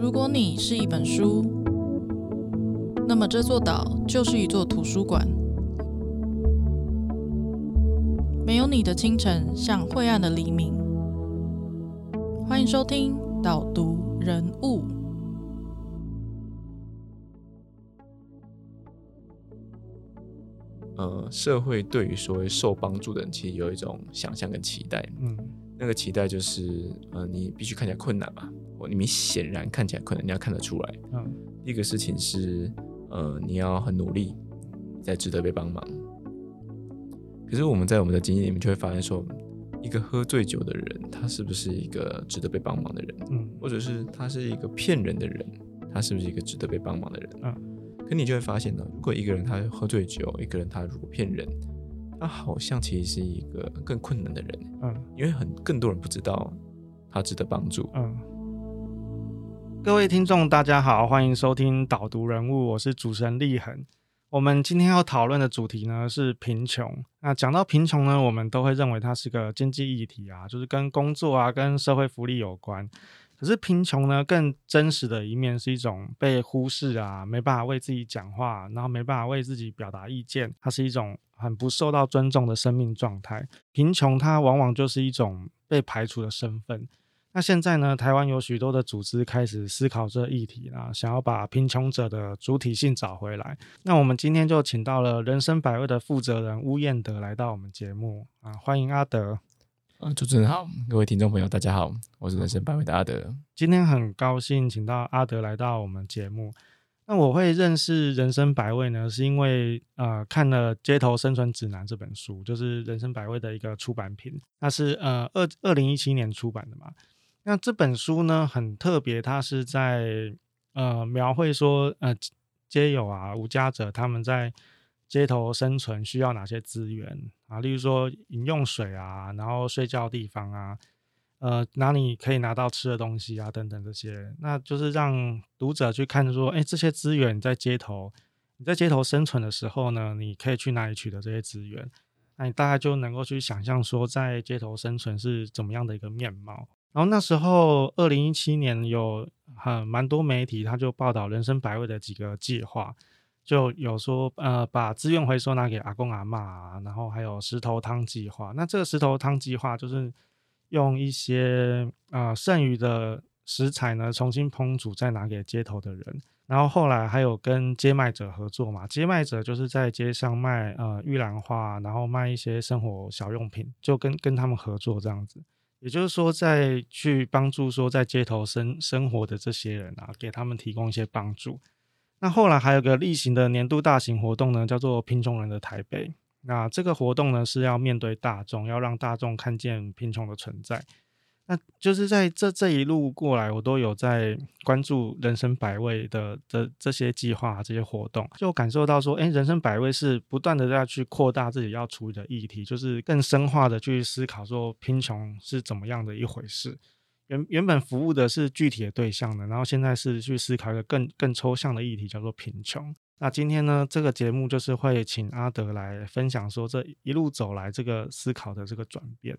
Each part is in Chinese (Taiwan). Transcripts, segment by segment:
如果你是一本書，那麼這座島就是一座圖書館。沒有你的清晨像晦暗的黎明。歡迎收聽導讀人物。呃，社會對於所謂受幫助的人，其實有一種想象跟期待。嗯，那個期待就是，呃，你必須看起來困難吧。你們顯然看起來，可能你要看得出來。嗯，第一個事情是，呃，你要很努力，才值得被幫忙。可是我們在我們的經驗裡面就會發現說，說一個喝醉酒的人，他是不是一個值得被幫忙的人？嗯。或者是他是一個騙人的人，他是不是一個值得被幫忙的人？嗯。可你就會發現呢，如果一個人他喝醉酒，一個人他如果騙人，他好像其實是一個更困難的人。嗯，因為很更多人不知道他值得幫助。嗯。各位聽眾，大家好，歡迎收聽島讀人物，我是主持人立恆。我們今天要討論的主題呢是貧窮。那講到貧窮呢，我們都會認為它是個經濟議題啊，就是跟工作啊、跟社會福利有關。可是貧窮呢，更真實的一面是一種被忽視啊，沒辦法為自己講話，然後沒辦法為自己表達意見，它是一種很不受到尊重的生命狀態。貧窮它往往就是一種被排除的身份。那現在呢，台灣有許多的組織開始思考這議題啦，啊，想要把貧窮者的主體性找回來。那我們今天就請到了《人生百味》的負責人巫彥德來到我們節目啊，歡迎阿德。嗯，主持人好，各位聽眾朋友大家好，我是《人生百味》的阿德。今天很高興請到阿德來到我們節目。那我會認識《人生百味》呢，是因為呃看了《街頭生存指南》這本書，就是《人生百味》的一個出版品，那是呃二二零一七年出版的嘛。那這本書呢很特別，它是在呃描繪說呃街友啊無家者他們在街頭生存需要哪些資源啊，例如說飲用水啊，然後睡覺的地方啊，呃哪裡可以拿到吃的東西啊等等這些，那就是讓讀者去看說，哎，這些資源在街頭，你在街頭生存的時候呢，你可以去哪裡取得這些資源，那你大概就能夠去想象說在街頭生存是怎麼樣的一個面貌。然後那時候，二零一七年有很蠻多媒體，他就報道“人生百味”的幾個計劃，就有說呃，把資源回收拿給阿公阿嬤，啊，然後還有石頭湯計劃。那這個石頭湯計劃就是用一些呃剩餘的食材呢，重新烹煮，再拿給街頭的人。然後後來還有跟街賣者合作嘛，街賣者就是在街上賣呃玉蘭花，然後賣一些生活小用品，就跟跟他們合作這樣子。也就是說，在去幫助說在街頭生生活的這些人啊，給他們提供一些幫助。那後來還有個例行的年度大型活動呢，叫做“貧窮人的台北”。那這個活動呢，是要面對大眾，要讓大眾看見貧窮的存在。那就是在這這一路過來，我都有在關注“人生百味”的的這些計劃、這些活動，就感受到說，誒，“人生百味”是不斷的在去擴大自己要處理的議題，就是更深化的去思考說貧窮是怎麼樣的一回事。原原本服務的是具體的對象的，然後現在是去思考一個更更抽象的議題，叫做貧窮。那今天呢，這個節目就是會請阿德來分享說，這一路走來這個思考的這個轉變。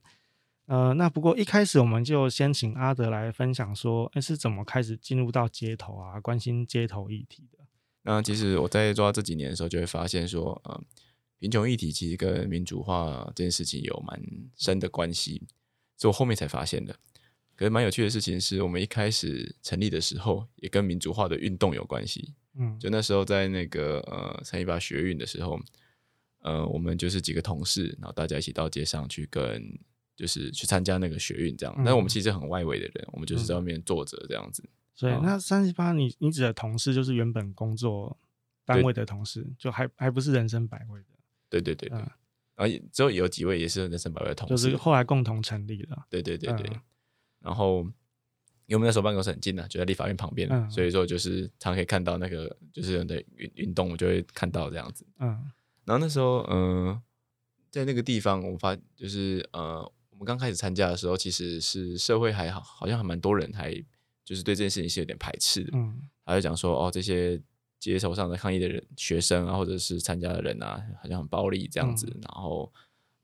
呃，那不過一開始我們就先請阿德來分享說，誒，是怎麼開始進入到街頭啊，關心街頭議題的？那其實我在做這幾年的時候，就會發現說，呃，貧窮議題其實跟民主化這件事情有蠻深的關係，是、嗯、我後面才發現的。可是蠻有趣的事情是，我們一開始成立的時候，也跟民主化的運動有關係。嗯，就那時候在那個呃三一八學運的時候，呃，我們就是幾個同事，然後大家一起到街上去跟。就是去參加那個學運這樣，但是我們其實很外圍的人、嗯，我們就是在外面坐着這樣子。所以、嗯、那三十八，你你指的同事就是原本工作單位的同事，就還還不是人生百味的。對對對對，嗯、然後之後有幾位也是人生百味的同事，就是後來共同成立了。對對對對，嗯、然後因為我們那時候辦公室很近的，就在立法院旁邊、嗯，所以說就是常可以看到那個就是人的運運動，我就會看到這樣子。嗯，然後那時候嗯、呃，在那個地方我發就是呃。我剛開始參加的時候，其實是社會還好好像還蠻多人還就是對這件事情是有點排斥的，嗯，他就講說哦，這些街頭上的抗議的人、學生啊，或者是參加的人啊，好像很暴力這樣子，嗯、然後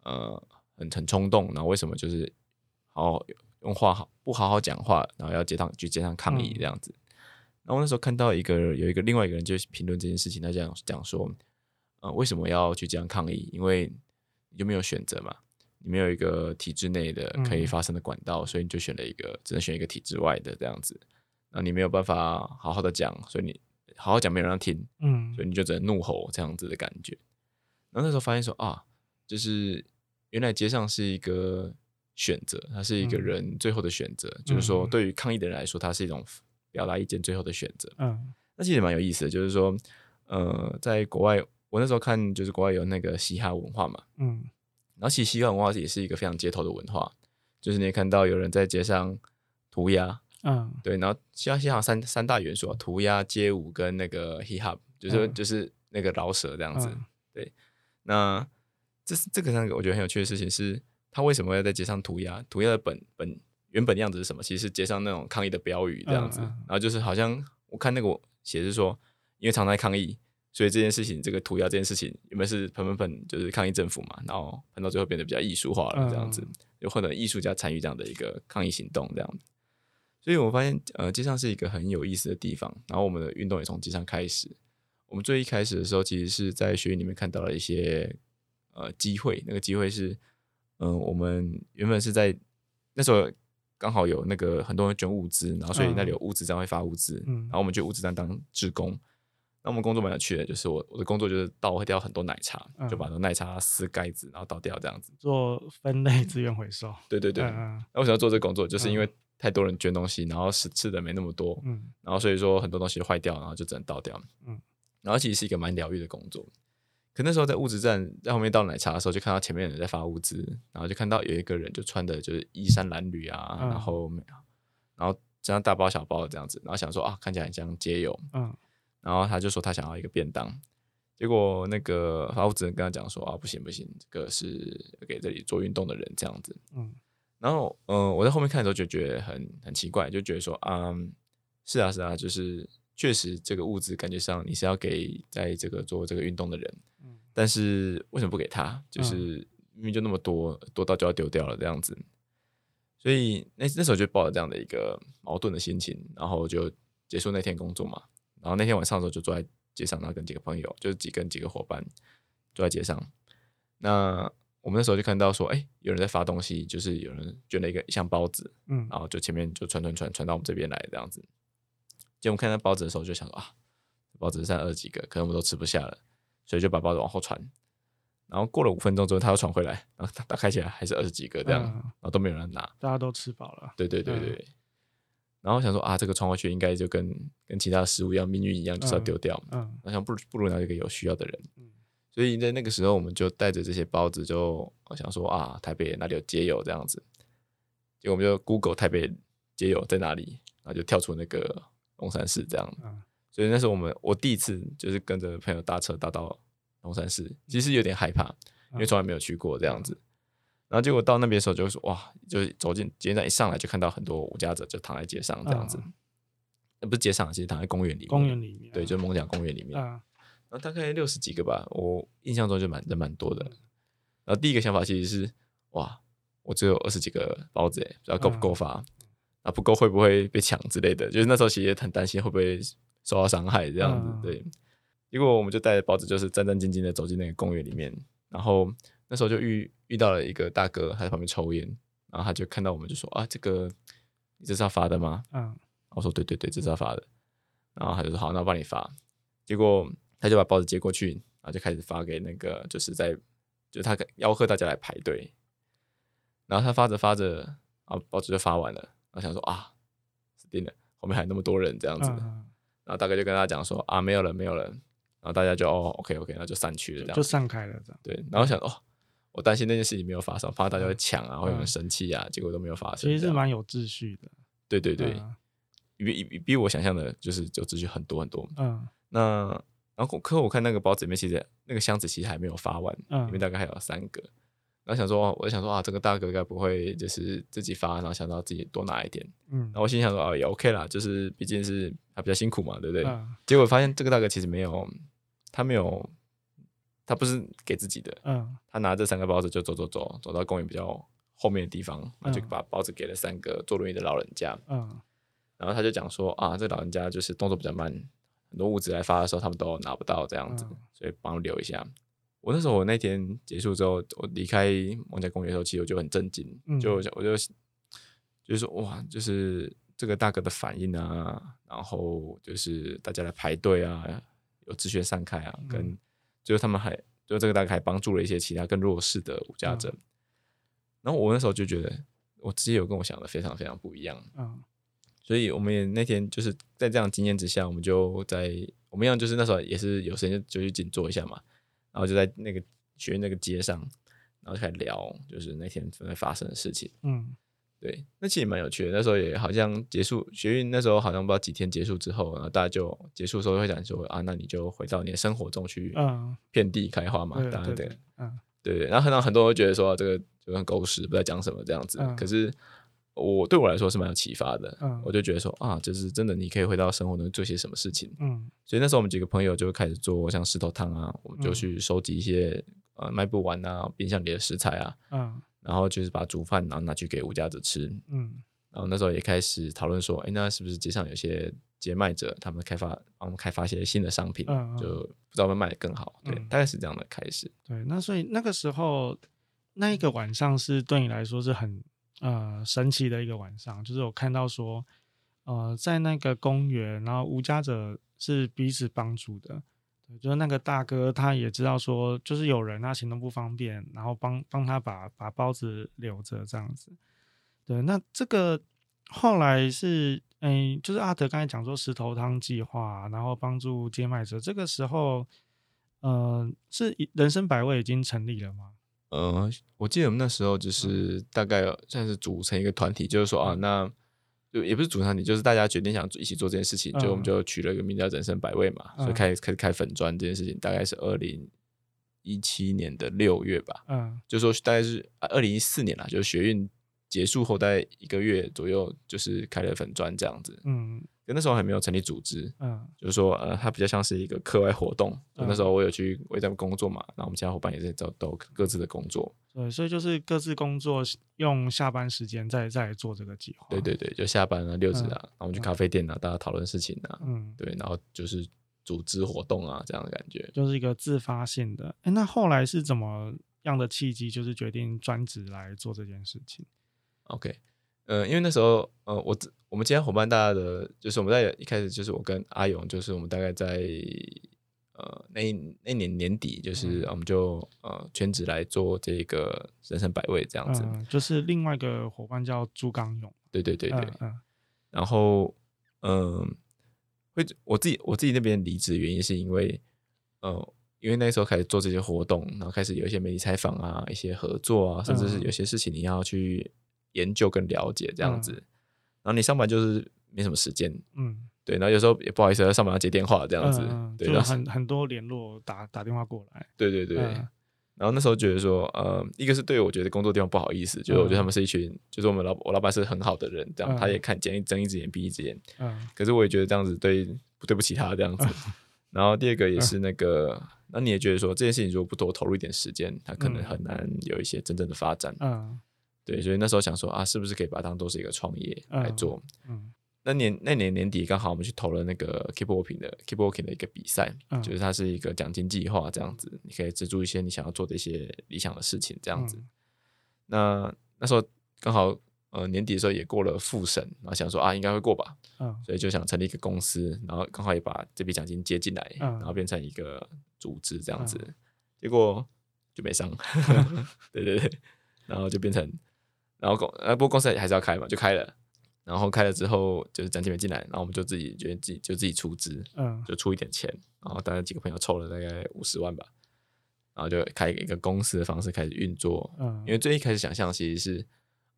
呃很很衝動，然後為什麼就是哦用話好不好好講話，然後要街上去街上抗議這樣子，嗯、然後我那時候看到一個有一個另外一個人就評論這件事情，他這樣講說呃為什麼要去這樣抗議？因為你就沒有選擇嘛。你沒有一個體制內的可以發聲的管道，嗯，所以你就選了一個，只能選一個體制外的這樣子。那你沒有辦法好好的講，所以你好好講沒有人要聽，嗯，所以你就只能怒吼這樣子的感覺。然後那時候發現說啊，就是原來街上是一個選擇，它是一個人最後的選擇，嗯，就是說，對於抗議的人來說，它是一種表達意見最後的選擇。嗯，那其實蠻有意思的，就是說呃，在國外，我那時候看就是國外有那個嘻哈文化嘛，嗯。然後其實嘻哈文化也是一個非常街頭的文化，就是你也看到有人在街上塗鴉，嗯，對。然後像像三三大元素啊，塗鴉、街舞跟那個 hip hop，就是、嗯、就是那個饒舌這樣子，嗯、對。那這是這個那個我覺得很有趣的事情是，他為什麼要在街上塗鴉？塗鴉的本本原本的樣子是什麼？其實是街上那種抗議的標語這樣子，嗯、然後就是好像我看那個寫的是說，因為常常在抗議。所以這件事情，這個塗鴉這件事情，原本是噴噴噴，就是抗議政府嘛？然後噴到最後變得比較藝術化了，這樣子，又換成藝術家參與這樣的一個抗議行動，這樣。所以我們發現，呃，街上是一個很有意思的地方。然後我們的運動也從街上開始。我們最一開始的時候，其實是在學院裡面看到了一些，呃，機會。那個機會是，嗯、呃，我們原本是在那時候剛好有那個很多人捐物資，然後所以那裡有物資站會發物資、嗯嗯，然後我們去物資站當志工。那我們工作蠻有趣的，就是我我的工作就是倒掉很多奶茶，嗯、就把那奶茶撕蓋子，然後倒掉這樣子。做分類資源回收。對對對。嗯嗯，那為什麼要做這個工作？就是因為太多人捐東西，然後吃的沒那麼多，嗯，然後所以說很多東西壞掉，然後就只能倒掉，嗯、然後其實是一個蠻療癒的工作。可那時候在物資站，在後面倒奶茶的時候，就看到前面有人在發物資，然後就看到有一個人就穿的就是衣衫襤褸啊，然後、嗯、然後這樣大包小包的這樣子，然後想說啊，看起來很像街友，嗯然後他就說他想要一個便當，結果那個，法務我只能跟他講說啊，不行不行，這個是給這裡做運動的人這樣子。嗯，然後嗯、呃，我在後面看的時候就覺得很很奇怪，就覺得說啊，是啊是啊，就是確實這個物資感覺上你是要給在這個做這個運動的人，嗯、但是為什麼不給他？就是明明就那麼多多到就要丟掉了這樣子，所以那那時候就抱着這樣的一個矛盾的心情，然後就結束那天工作嘛。然後那天晚上的時候，就坐在街上，然後跟幾個朋友，就是幾跟幾個夥伴坐在街上。那我們那時候就看到說，哎，有人在發東西，就是有人捐了一個一箱包子，嗯，然後就前面就傳傳傳傳到我們這邊來這樣子。結果我們看到包子的時候，就想說啊，包子剩下二十幾個，可能我們都吃不下了，所以就把包子往後傳。然後過了五分鐘之後，他又傳回來，然後他打開起來還是二十幾個這樣，嗯，然後都沒有人拿，大家都吃飽了。對對對對，嗯。然後想說啊，這個穿回去應該就跟跟其他食物一樣，命運一樣，就是要丟掉。嗯，我、嗯、想不如不如拿給有需要的人。嗯，所以在那個時候，我們就帶着這些包子就，就我想說啊，台北哪裡有街友這樣子？結果我們就 Google 台北街友在哪裡，然後就跳出那個龍山寺這樣。嗯，所以那時候我們我第一次就是跟着朋友搭車搭到龍山寺，其實有點害怕，因為從來沒有去過這樣子。嗯嗯然後結果到那邊的時候，就說哇，就是走進街上一上來就看到很多無家者就躺在街上這樣子，那、啊呃、不是街上，其實躺在公園裡面。公園裡面、啊，對，就是艋舺公園裡面。啊、然後大概六十幾個吧，我印象中就蠻人蠻多的、嗯。然後第一個想法其實是哇，我只有二十幾個包子耶，不知道夠不夠發？嗯、啊不夠會不會被搶之類的？就是那時候其實很擔心會不會受到傷害這樣子，嗯、對。結果我們就帶着包子，就是戰戰兢兢的走進那個公園裡面，然後。那時候就遇遇到了一個大哥，他在旁邊抽煙，然後他就看到我們就說啊，這個，你這是要發的嗎？嗯，我說對對對，這是要發的。然後他就說好，那我幫你發。結果他就把報紙接過去，然後就開始發給那個就是在就是，他吆喝大家來排隊。然後他發着發着，啊，報紙就發完了。然後想說啊，死定了，後面還有那麼多人這樣子。嗯、然後大哥就跟他講說啊，沒有了，沒有了。然後大家就哦，OK，OK，okay, okay, 那就散去了就，就散開了，對，然後我想哦。嗯我擔心那件事情沒有發生，怕大家會搶啊，會很生氣啊，嗯、結果都沒有發生。其實是蠻有秩序的。對對對，嗯、比比比我想象的，就是就秩序很多很多。嗯，那然後可我看那個包裡面，其實那個箱子其實還沒有發完，因為大概還有三個。嗯、然後想說，我想說啊，這個大哥應該不會就是自己發，然後想到自己多拿一點？嗯，然後我心想說，哦、啊、也 OK 啦，就是畢竟是他比較辛苦嘛，對不對、嗯嗯？結果發現這個大哥其實沒有，他沒有。他不是給自己的，嗯，他拿這三個包子就走走走，走到公園比較後面的地方，他、嗯、就把包子給了三個坐輪椅的老人家，嗯，然後他就講說啊，這老人家就是動作比較慢，很多物資來發的時候他們都拿不到這樣子，嗯、所以幫我留一下。我那時候我那天結束之後，我離開艋舺公園的時候，其實我就很震驚，就我就就是說哇，就是這個大哥的反應啊，然後就是大家來排隊啊，有秩序地散開啊，嗯、跟。就是他們還，就這個大概還幫助了一些其他更弱勢的無家者。嗯。然後我那時候就覺得，我自己有跟我想的非常非常不一樣。嗯，所以我們也那天就是在這樣經驗之下，我們就在我們一樣，就是那時候也是有時間就去靜坐一下嘛，然後就在那個學院那個街上，然後就開始聊，就是那天正在發生的事情。嗯。對，那其實蠻有趣的。那時候也好像結束學運，那時候好像不知道幾天結束之後，然後大家就結束的時候會想說：“啊，那你就回到你的生活中去，遍地開花嘛。嗯”對,對,對，嗯，對對。然後很多人都覺得說這個就像狗屎，不知道講什麼這樣子。嗯、可是我對我來說是蠻有啟發的、嗯。我就覺得說啊，就是真的，你可以回到生活中做些什麼事情。嗯，所以那時候我們幾個朋友就會開始做像石頭湯啊，我們就去收集一些呃賣、嗯啊、不完啊冰箱裡的食材啊，嗯。然後就是，把煮飯，然後拿去給無家者吃。嗯，然後那時候也開始討論說，誒，那是不是街上有些街賣者，他們開發，幫我們開發一些新的商品，嗯嗯、就不知道會賣的更好。對、嗯，大概是這樣的開始。對，那所以那個時候，那一個晚上是對你來說是很呃神奇的一個晚上，就是我看到說，呃，在那個公園，然後無家者是彼此幫助的。就是那個大哥，他也知道說，就是有人啊行動不方便，然後幫幫他把把包子留着這樣子。對，那這個後來是，嗯、欸，就是阿德剛才講說石頭湯計劃，然後幫助街賣者。這個時候，呃，是人生百味已經成立了嗎？呃，我記得我們那時候就是大概算是組成一個團體、嗯，就是說啊，那。就也不是組成你，就是大家決定想一起做這件事情，就我們就取了一個名叫“人生百味”嘛、嗯嗯，所以開始開始開粉專這件事情，大概是二零一七年的六月吧，嗯，就說大概是二零一四年啦，就是學運結束後大概一個月左右，就是開了粉專這樣子，嗯那時候還沒有成立組織，嗯，就是說，呃，它比較像是一個課外活動、嗯呃。那時候我有去，我也在工作嘛，然後我們其他夥伴也在做，都各自的工作。對，所以就是各自工作，用下班時間再再做這個計劃。對對對，就下班了，六點了、啊嗯，然後我們去咖啡店啊，嗯、大家討論事情啊。嗯，對，然後就是組織活動啊，這樣的感覺。就是一個自發性的。哎、欸，那後來是怎麼樣的契機，就是決定專職來做這件事情？OK。嗯、呃，因為那時候，呃，我我們今天夥伴大家的，就是我們在一開始，就是我跟阿勇，就是我們大概在呃那那年年底，就是、嗯、我們就呃全職來做這個人生百味這樣子嗯，就是另外一個夥伴叫朱剛勇。對對對對。嗯嗯、然後，嗯、呃，會我自己我自己那邊離職原因是因為，呃，因為那時候開始做這些活動，然後開始有一些媒體採訪啊，一些合作啊，甚至是有些事情你要去。嗯研究跟了解這樣子，然後你上班就是沒什麼時間，嗯，對。然後有時候也不好意思、啊，上班要接電話這樣子，對，很很多聯絡打打電話過來，對對對。然後那時候覺得說，呃，一個是對我覺得工作的地方不好意思，就是我覺得他們是一群，就是我們老我老板是很好的人，這樣他也看見，睜一只眼閉一只眼，嗯。可是我也覺得這樣子對不對不起他這樣子。然後第二個也是那個，那你也覺得說這件事情如果不多投入一點時間，他可能很難有一些真正的發展，嗯。對，所以那時候想說啊，是不是可以把它當做是一個創業來做？嗯，嗯那年那年年底剛好我們去投了那個 Keep Working 的 Keep Working 的一個比賽、嗯，就是它是一個獎金計劃，這樣子你可以資助一些你想要做的一些理想的事情，這樣子。嗯、那那時候剛好呃年底的時候也過了複審，然後想說啊應該會過吧、嗯，所以就想成立一個公司、嗯，然後剛好也把這筆獎金接進來，嗯、然後變成一個組織這樣子，嗯、結果就沒上，嗯、 對對對、嗯，然後就變成。然後公呃，不過公司也還是要開嘛，就開了。然後開了之後，就是蔣建明進來，然後我們就自己決自己就自己出資，嗯，就出一點錢。然後大概幾個朋友湊了大概五十萬吧，然後就開一個公司的方式開始運作。嗯，因為最一開始想象其實是，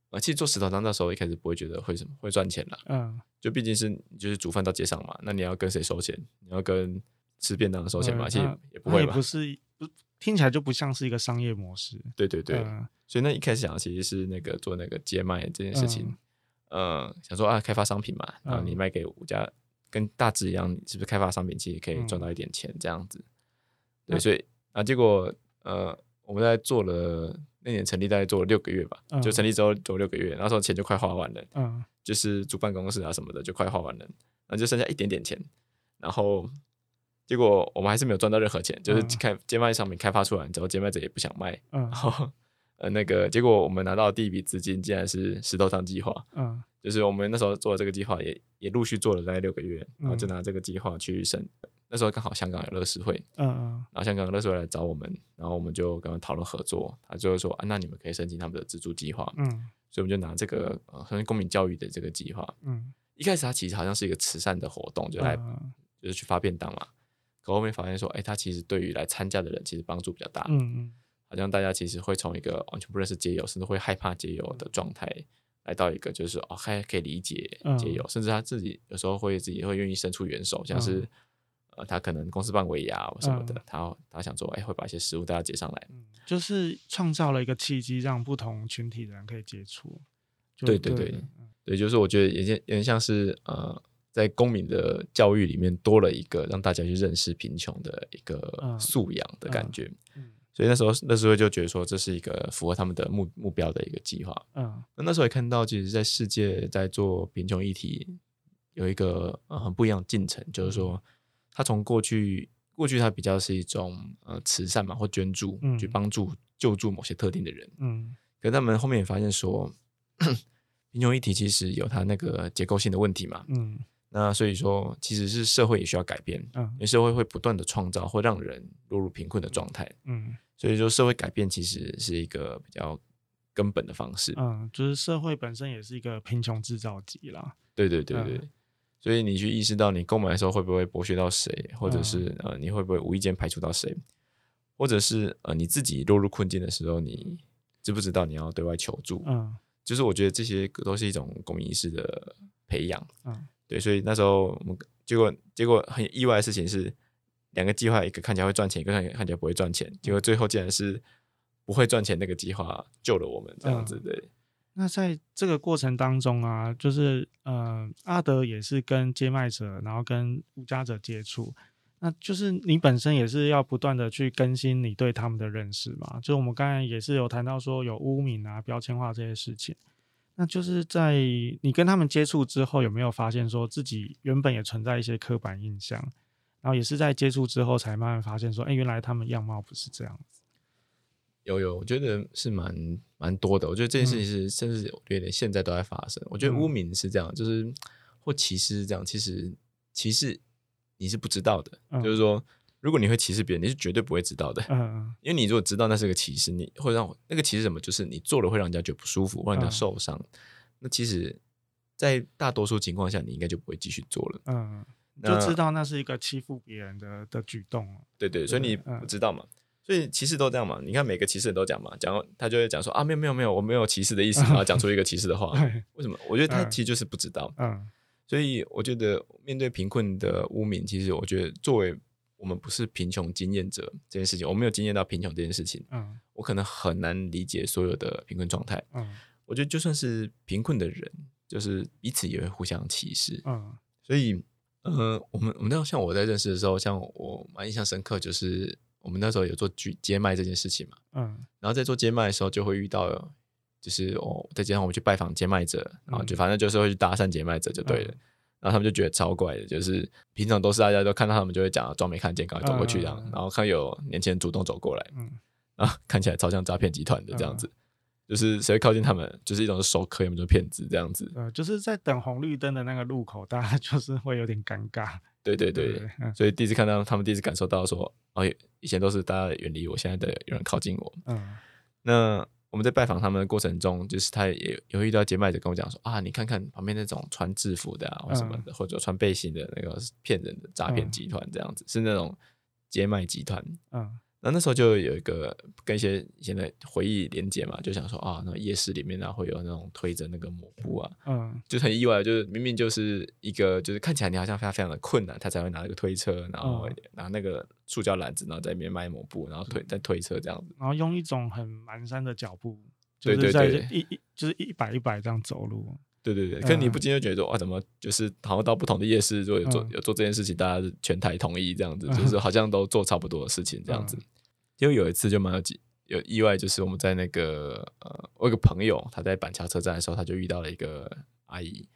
呃、啊，其實做石頭湯那時候一開始不會覺得會什麼會賺錢啦。嗯，就畢竟是就是煮飯到街上嘛，那你要跟誰收錢？你要跟吃便當的收錢嘛？嗯、其實也不會吧。也不,也不是不聽起來就不像是一個商業模式。對對對。嗯所以那一開始想其實是那個做那個街賣這件事情，嗯，呃、想說啊，開發商品嘛，嗯、然後你賣給我家，跟大誌一樣，是不是開發商品其實可以賺到一點錢這樣子？嗯、對，所以啊，結果呃，我們在做了那年成立大概做了六個月吧，就成立之後做六個月，那時候錢就快花完了，嗯、就是租辦公室啊什麼的就快花完了，然後就剩下一點點錢，然後結果我們還是沒有賺到任何錢，嗯、就是開街賣商品開發出來之後，街賣者也不想賣，嗯然後呃、嗯，那個結果我們拿到的第一筆資金，竟然是石頭湯計劃。嗯，就是我們那時候做的這個計劃，也也陸續做了大概六個月，然後就拿這個計劃去申、嗯。那時候剛好香港有樂施會，嗯然後香港樂施會來找我們，然後我們就跟他討論合作。他就會說，啊，那你們可以申請他們的資助計劃。嗯，所以我們就拿這個，像、呃、公民教育的這個計劃。嗯，一開始他其實好像是一個慈善的活動，就來、嗯、就是去發便當嘛。可後面發現說，哎、欸，他其實對於來參加的人其實幫助比較大。嗯。好像大家其實會從一個完全不認識街友，甚至會害怕街友的狀態，來到一個就是哦，還可以理解街友，嗯、甚至他自己有時候會自己會願意伸出援手，像是、嗯、呃，他可能公司辦尾牙、啊、什麼的，嗯、他他想說，哎、欸，會把一些食物大家接上來，嗯、就是創造了一個契機，讓不同群體的人可以接觸、這個。對對對，所以、嗯、就是我覺得也像也像是呃，在公民的教育裡面多了一個讓大家去認識貧窮的一個素養的感覺。嗯嗯所以那時候，那時候就覺得說，這是一個符合他們的目目標的一個計劃。嗯，那，那時候也看到，其實，在世界在做貧窮議題有一個，嗯，很不一樣的進程，就是說，他從過去過去他比較是一種呃慈善嘛，或捐助去幫助救助某些特定的人。嗯，可是他們後面也發現說，貧窮議題其實有他那個結構性的問題嘛。嗯。那所以說，其實是社會也需要改變，嗯，因為社會會不斷的創造，會讓人落入貧困的狀態。嗯，嗯，所以說社會改變其實是一個比較根本的方式。嗯，就是社會本身也是一個貧窮製造機啦。對對對對、嗯，所以你去意識到你購買的時候會不會剝削到誰，或者是、嗯、呃，你會不會無意間排除到誰，或者是呃，你自己落入困境的時候，你知不知道你要對外求助？嗯，就是我覺得這些都是一種公民意識的培養。嗯。嗯。對，所以那時候我們結果結果很意外的事情是，兩個計劃一個看起來會賺錢，一個看起來不會賺錢。結果最後竟然是不會賺錢那個計劃救了我們、呃、這樣子。對。那在這個過程當中啊，就是呃，阿德也是跟街賣者，然後跟無家者接觸。那就是你本身也是要不斷的去更新你對他們的認識嘛。就是我們剛才也是有談到說有污名啊、標籤化這些事情。那就是在你跟他們接觸之後，有沒有發現說自己原本也存在一些刻板印象，然後也是在接觸之後才慢慢發現說，哎、欸，原來他們樣貌不是這樣。有有，我覺得是蠻蠻多的。我覺得這件事情是，甚至我覺得現在都在發生、嗯。我覺得污名是這樣，就是或歧視是這樣。其實歧視你是不知道的，嗯、就是說。如果你會歧視別人，你是絕對不會知道的，嗯，因為你如果知道那是個歧視，你會讓那個歧視什麼？就是你做了會讓人家覺得不舒服，會讓人家受傷。嗯、那其實，在大多數情況下，你應該就不會繼續做了，嗯，就知道那是一個欺負別人的的舉動，對對，所以你不知道嘛？所以歧視都這樣嘛？你看每個歧視人都講嘛，講他就會講說啊，沒有沒有沒有，我沒有歧視的意思、嗯、然後講出一個歧視的話、嗯，為什麼？我覺得他其實就是不知道，嗯，嗯，所以我覺得面對貧困的污名，其實我覺得作為。我們不是貧窮經驗者這件事情，我沒有經驗到貧窮這件事情，嗯，我可能很難理解所有的貧困狀態，嗯，我覺得就算是貧困的人，就是彼此也會互相歧視，嗯，所以，嗯、呃，我們我們那像我在認識的時候，像我蠻印象深刻，就是我們那時候有做舉街賣這件事情嘛，嗯，然後在做街賣的時候，就會遇到，就是我、哦、在街上我們去拜訪街賣者，然後就反正就是會去搭訕街賣者就對了。嗯嗯。然後他們就覺得超怪的，就是平常都是大家都看到他們就會假裝沒看見，趕快走過去這樣、嗯。然後看有年輕人主動走過來、嗯，啊，看起來超像詐騙集團的這樣子，嗯、就是誰會靠近他們就是一種熟客，有沒有騙子這樣子、嗯？就是在等紅綠燈的那個路口，大家就是會有點尷尬。對對對，對嗯、所以第一次看到他們，第一次感受到說，哦，以前都是大家遠離我，現在的有人靠近我。嗯，那。我們在拜訪他們的過程中，就是他也有遇到街賣者跟我講說，啊，你看看旁邊那種穿制服的、啊、或什麼的、嗯，或者穿背心的那個騙人的詐騙集團這樣子，嗯、是那種街賣集團。嗯那、啊、那時候就有一個跟一些現在回憶連接嘛，就想說啊，那個、夜市裡面後、啊、會有那種推着那個抹布啊嗯，嗯，就很意外，就是明明就是一個就是看起來你好像非常非常的困難，他才會拿那個推車，然後拿那個塑膠籃子，然後在裡面賣抹布，然後推在、嗯、推車這樣子，然後用一種很蹣跚的腳步，就是在一一就是一擺一擺這樣走路。對對對，可你不禁就覺得說、嗯、哇，怎麼就是好像到不同的夜市有做做、嗯、做這件事情，大家全台同意這樣子，就是好像都做差不多的事情這樣子。就、嗯、有一次就蠻有幾有意外，就是我們在那個呃，我有個朋友，他在板橋車站的時候，他就遇到了一個阿姨，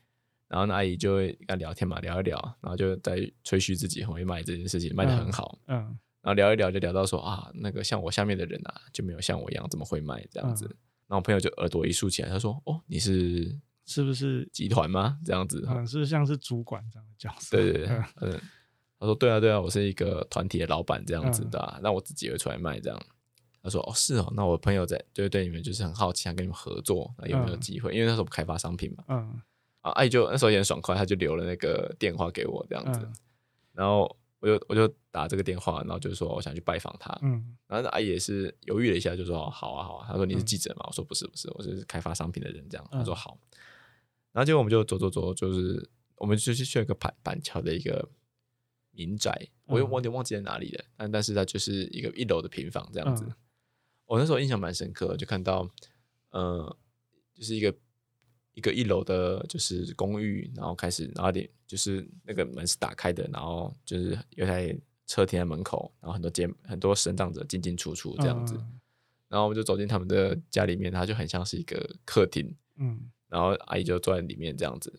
然後那阿姨就會跟他聊天嘛，聊一聊，然後就在吹噓自己很會賣這件事情，賣得很好嗯，嗯，然後聊一聊就聊到說啊，那個像我下面的人啊，就沒有像我一樣這麼會賣這樣子、嗯。然後我朋友就耳朵一豎起來，他說：“哦，你是。”是不是集團嗎？這樣子？可能、嗯、是，是像是主管這樣的角色。對對對，嗯，嗯，他說對啊對啊，我是一個團體的老闆這樣子的、嗯啊，那我自己會出來賣這樣。他說哦是哦，那我朋友在就對是對，你們就是很好奇想跟你們合作，那有沒有機會、嗯？因為那時候不開發商品嘛，嗯，啊阿姨就那時候也很爽快，他就留了那個電話給我這樣子，嗯，然後我就我就打這個電話，然後就說我想去拜訪他，嗯，然後阿姨也是猶豫了一下，就說好啊好啊，他說你是記者嘛、嗯，我說不是不是，我是開發商品的人這樣，嗯，他說好。然後結果我們就走走走，就是我們就去選個板板橋的一個民宅，嗯、我有點忘記在哪裡了，但但是它就是一個一樓的平房這樣子。嗯、我那時候印象蠻深刻的，就看到呃，就是一個一個一樓的，就是公寓，然後開始那裡就是那個門是打開的，然後就是有台車停在門口，然後很多街很多身障者進進出出這樣子、嗯。然後我們就走進他們的家裡面，它就很像是一個客廳，嗯。然後阿姨就坐在裡面這樣子，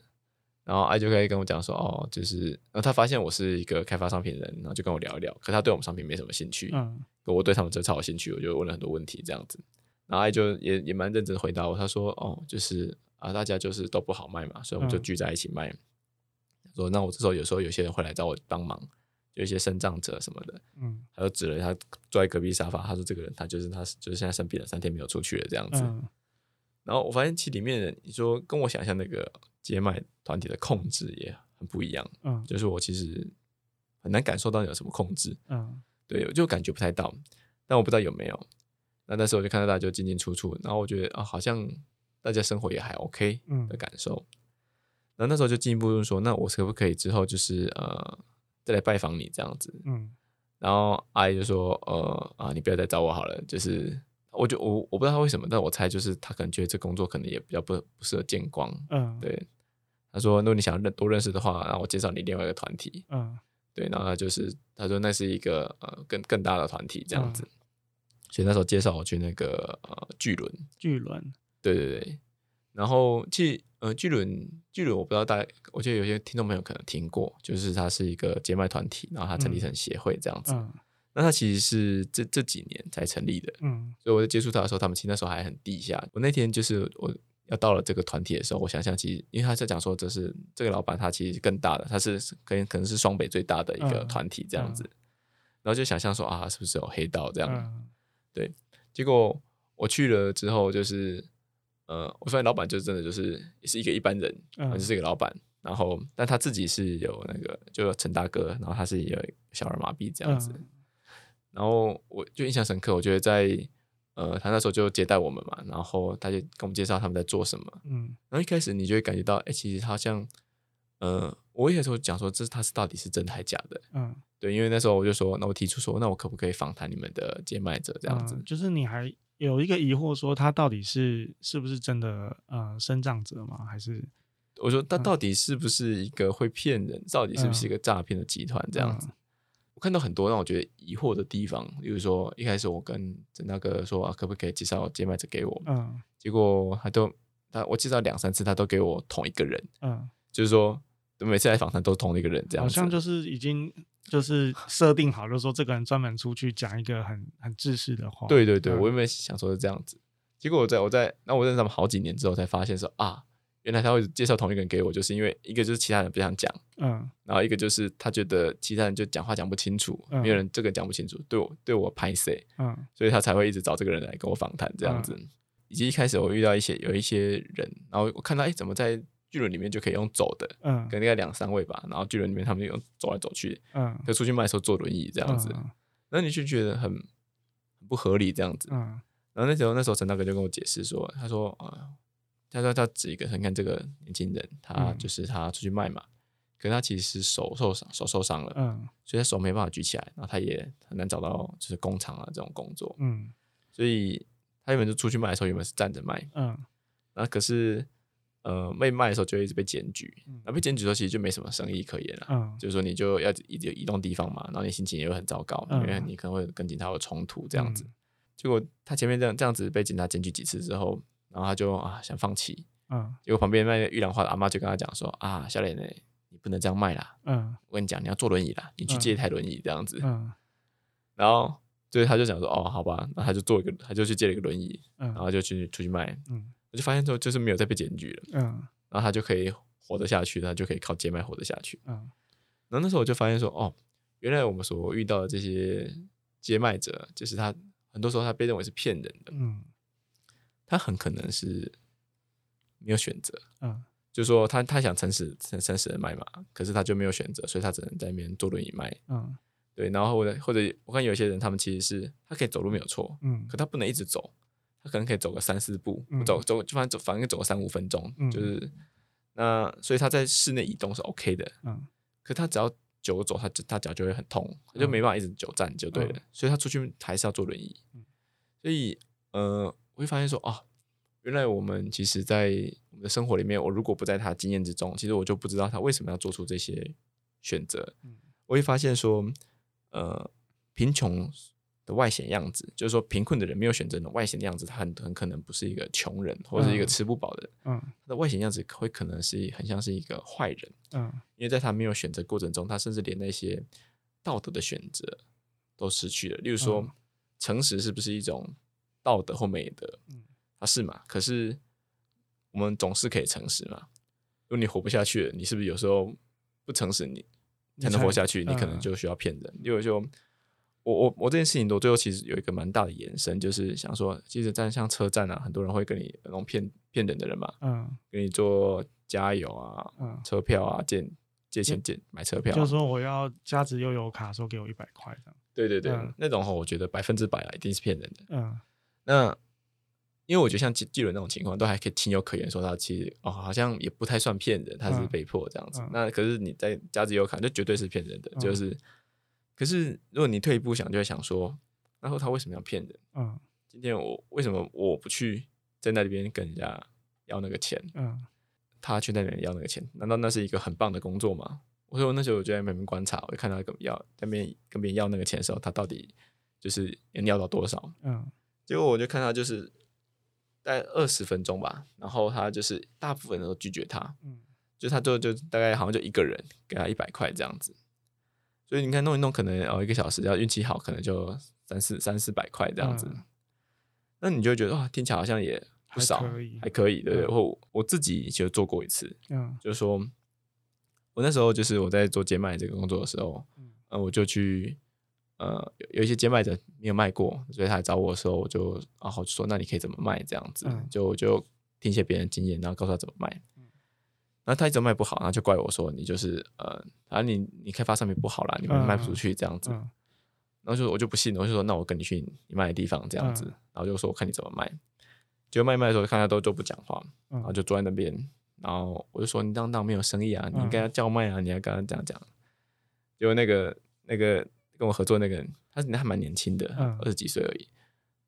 然後阿姨就可以跟我講說，哦，就是，然後她發現我是一個開發商品人，然後就跟我聊一聊。可是她對我們商品沒什麼興趣，嗯，可我對他們真的超有興趣，我就問了很多問題這樣子。然後阿姨就也也蠻認真回答我，她說，哦，就是啊，大家就是都不好賣嘛，所以我們就聚在一起賣。嗯，說那我這時候有時候有些人會來找我幫忙，就一些身障者什麼的，嗯，她就指了一下坐在隔壁沙發，她說這個人他就是他就是現在生病了，三天沒有出去了這樣子。嗯然後我發現其實裡面，你說跟我想象那個街賣團體的控制也很不一樣，嗯，就是我其實很難感受到有什麼控制，嗯，對，我就感覺不太到，但我不知道有沒有。那那時候我就看到大家就進進出出，然後我覺得啊，好像大家生活也還 OK，嗯的感受、嗯。然後那時候就進一步就說，那我是可不可以之後就是呃再來拜訪你這樣子，嗯，然後阿姨就說，呃啊，你不要再找我好了，就是。我就我我不知道他為什麼，但我猜就是他可能覺得這工作可能也比較不不適合見光、嗯。對。他說，如果你想要認多認識的話，然後我介紹你另外一個團體、嗯。對。然後他就是他說那是一個呃更更大的團體這樣子、嗯，所以那時候介紹我去那個呃巨輪。巨輪。對對對。然後其實呃巨輪巨輪我不知道大家，我覺得有些聽眾朋友可能聽過，就是他是一個街賣團體，然後他成立成協會這樣子。嗯嗯那他其實是這這幾年才成立的，嗯，所以我在接觸他的時候，他們其實那時候還很地下。我那天就是我要到了這個團體的時候，我想象其實因為他在講說，這是這個老板他其實更大的，他是可能，可能是雙北最大的一個團體這樣子，嗯嗯，然後就想象說啊，是不是有黑道這樣？嗯，對，結果我去了之後，就是呃，我發現老板就真的就是也是一個一般人，就是這個老板，然後但他自己是有那個就有陳大哥，然後他是有小兒麻痹這樣子。嗯然後我就印象深刻，我覺得在呃，他那時候就接待我們嘛，然後他就跟我們介紹他們在做什麼，嗯，然後一開始你就會感覺到，哎、欸，其實好像，呃，我有時候講說，這他是到底是真的還假的，嗯，對，因為那時候我就說，那我提出說，那我可不可以訪談你們的街賣者這樣子、嗯，就是你還有一個疑惑，說他到底是是不是真的呃，身障者嗎？還是我說他到底是不是一個會騙人、嗯，到底是不是一個詐騙的集團、哎、這樣子？嗯嗯看到很多讓我覺得疑惑的地方，比如說一開始我跟鄭大哥說啊，可不可以介紹街賣者給我？嗯，結果他都他我介紹兩三次，他都給我同一個人。嗯，就是說就每次來訪談都同一個人這樣子。好像就是已經就是設定好了， 就是說這個人專門出去講一個很很知識的話。對對對，嗯、我原本想說是這樣子，結果我在我在那我認識他們好幾年之後才發現說啊。原來他會介紹同一個人給我，就是因為一個就是其他人不想講，嗯，然後一個就是他覺得其他人就講話講不清楚，嗯、沒有人這個人講不清楚，對我對我拍攝嗯，所以他才會一直找這個人來跟我訪談這樣子、嗯。以及一開始我遇到一些有一些人，然後我看到哎，怎麼在巨輪裡面就可以用走的，嗯，可能大概兩三位吧，然後巨輪裡面他們就用走來走去，就、嗯、出去賣的時候坐輪椅這樣子，那、嗯、你就覺得很很不合理這樣子，嗯，然後那時候那時候陳大哥就跟我解釋說，他說啊。他說：“他指一個，你看這個年輕人，他就是他出去賣嘛。嗯、可是他其實手受傷，手受傷了，嗯，所以他手沒辦法舉起來，然後他也很難找到就是工廠啊這種工作，嗯，所以他原本就出去賣的時候，原本是站着賣，嗯，那可是呃被賣的時候就一直被檢舉，那、嗯、被檢舉的時候其實就沒什麼生意可言了，嗯，就是說你就要一直移動地方嘛，然後你心情也會很糟糕、嗯，因為你可能會跟警察有衝突這樣子、嗯。結果他前面這樣這樣子被警察檢舉幾次之後。”然後他就啊想放棄，嗯，結果旁邊賣玉蘭花的阿嬤就跟他講說啊，小磊磊、欸，你不能這樣賣啦，嗯，我跟你講，你要坐輪椅啦，你去借一台輪椅這樣子，嗯嗯、然後就他就講說哦，好吧，那他就坐一個，他就去借了一個輪椅，嗯，然後就去出去賣，嗯，我就發現之後就是沒有再被檢舉了，嗯，然後他就可以活得下去，他就可以靠街賣活得下去，嗯，然後那時候我就發現說哦，原來我們所遇到的這些街賣者，就是他很多時候他被認為是騙人的，嗯。他很可能是沒有選擇，嗯，就是說他他想誠實、誠實的賣嘛，可是他就沒有選擇，所以他只能在那邊坐輪椅賣，嗯，對。然後或者或者我看有些人，他們其實是他可以走路沒有錯，嗯，可他不能一直走，他可能可以走個三四步，嗯、走走就反正走反正走個三五分鐘，嗯、就是那所以他在室內移動是 OK 的，嗯，可他只要久走，他就他腳就會很痛，他就沒辦法一直久站就對了，嗯、所以他出去還是要坐輪椅，嗯、所以呃。我會發現說，哦、啊，原來我們其實，在我們的生活裡面，我如果不在他經驗之中，其實我就不知道他為什麼要做出這些選擇。嗯、我會發現說，呃，貧窮的外顯樣子，就是說，貧困的人沒有選擇的外顯樣子，他很很可能不是一個窮人，或者是一個吃不飽的人。嗯，嗯他的外顯樣子會可能是很像是一個壞人。嗯，因為在他沒有選擇過程中，他甚至連那些道德的選擇都失去了。例如說，嗯、誠實是不是一種？道德或美德，嗯、啊，是嘛？可是我們總是可以誠實嘛？如果你活不下去了，你是不是有時候不誠實你才能活下去？你、嗯、你可能就需要騙人、嗯。因為就我我我這件事情，我最後其實有一個蠻大的延伸，就是想說，其實在像車站啊，很多人會跟你那種騙騙人的人嘛，嗯，給你做加油啊，嗯，車票啊，借借錢借買車票、啊，就是說我要加值悠遊卡，說給我一百塊，對對對，嗯、那種話我覺得百分之百啊，一定是騙人的。嗯。那，因為我覺得像巨巨倫那種情況，都還可以情有可原，說他其實哦，好像也不太算騙人，他是被迫這樣子。嗯嗯、那可是你在加之優卡，那絕對是騙人的、嗯，就是。可是如果你退一步想，就會想說，然後他為什麼要騙人？嗯，今天我為什麼我不去在那邊跟人家要那個錢？嗯，他去那邊要那個錢，難道那是一個很棒的工作嗎？我說那時候我就在那邊觀察，我就看到一個要在那邊跟別人要那個錢的時候，他到底就是要到多少？嗯。結果我就看他就是，大概二十分鐘吧，然後他就是大部分人都拒絕他，嗯，就他最後就大概好像就一個人給他一百塊這樣子，所以你看弄一弄可能要、哦、一個小時要，要運氣好可能就三四三四百塊這樣子、嗯，那你就覺得啊，聽起來好像也不少，還可以的。然後、嗯、我，我自己就做過一次，嗯，就是說我那時候就是我在做街賣這個工作的時候，嗯，我就去。呃，有有一些街賣者沒有賣過，所以他來找我的時候我、啊，我就然後就說那你可以怎麼賣這樣子，嗯、就我就聽一些別人的經驗，然後告訴他怎麼賣。然、嗯、後他一直賣不好，然後就怪我說你就是呃，啊你你開發商品不好啦，你們賣不出去這樣子。嗯嗯、然後就我就不信，我就說那我跟你去你賣的地方這樣子，嗯、然後就說我看你怎麼賣。結果賣賣的時候，看他都就不講話，然後就坐在那邊，然後我就說你當當沒有生意啊，你應該要叫賣啊，你還跟他這樣講，結果那個那個。跟我合作那個人，他你還蠻年輕的，二十幾歲而已。嗯、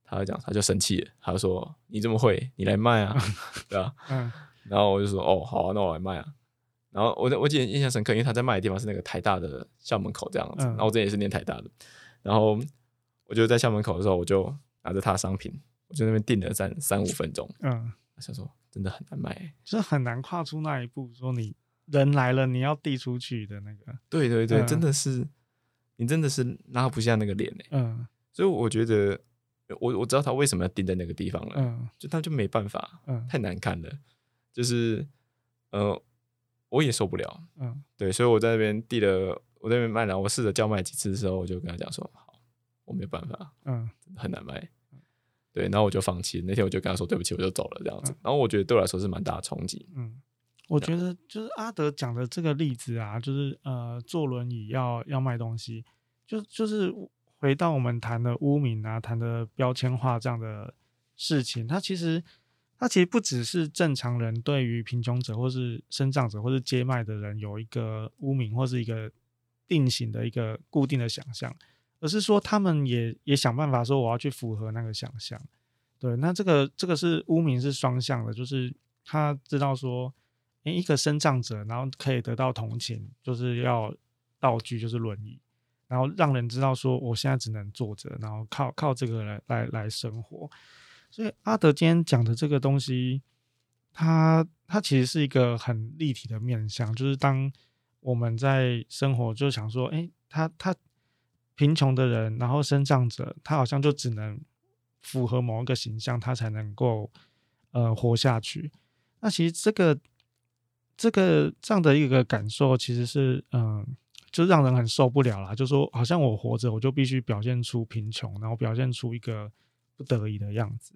他就講，他就生氣了。他就說：“你這麼會？你來賣啊，嗯、 對吧、啊？”嗯。然後我就說：“哦，好、啊、那我來賣啊。”然後我，我記得印象深刻，因為他在賣的地方是那個台大的校門口這樣子。那、嗯、我之前也是念台大的。然後我就在校門口的時候，我就拿着他的商品，我就那邊定了三三五分鐘。嗯。想說真的很難賣、欸，就是很難跨出那一步，說你人來了，你要遞出去的那個。對對對，嗯、真的是。你真的是拉不下那個臉、欸、嗯，所以我覺得，我我知道他為什麼要定在那個地方了，嗯，就他就沒辦法，嗯，太難看了，就是，嗯、呃，我也受不了，嗯，對，所以我在那邊遞了，我在那邊賣了，然後我試着叫賣幾次的時候，我就跟他講說，好，我沒辦法，嗯，很難賣，對，然後我就放棄，那天我就跟他說，對不起，我就走了這樣子、嗯，然後我覺得對我來說是蠻大的衝擊，嗯。我覺得就是阿德講的這個例子啊，就是呃，坐輪椅要要賣東西，就就是回到我們談的污名啊，談的標籤化這樣的事情。他其實他其實不只是正常人對於貧窮者或是身障者或是街賣的人有一個污名或是一個定型的一個固定的想象而是說他們也也想辦法說，我要去符合那個想象。對，那這個這個是污名是雙向的，就是他知道說。一個身障者，然後可以得到同情，就是要道具，就是輪椅，然後讓人知道說，我現在只能坐着，然後靠靠這個人來來來生活。所以阿德今天講的這個東西，他他其實是一個很立體的面向，就是當我們在生活就想說，哎、欸，他他貧窮的人，然後身障者，他好像就只能符合某一個形象，他才能夠呃活下去。那其實這個。這個這樣的一個感受，其實是嗯，就讓人很受不了啦。就說好像我活着，我就必須表現出貧窮，然後表現出一個不得已的樣子。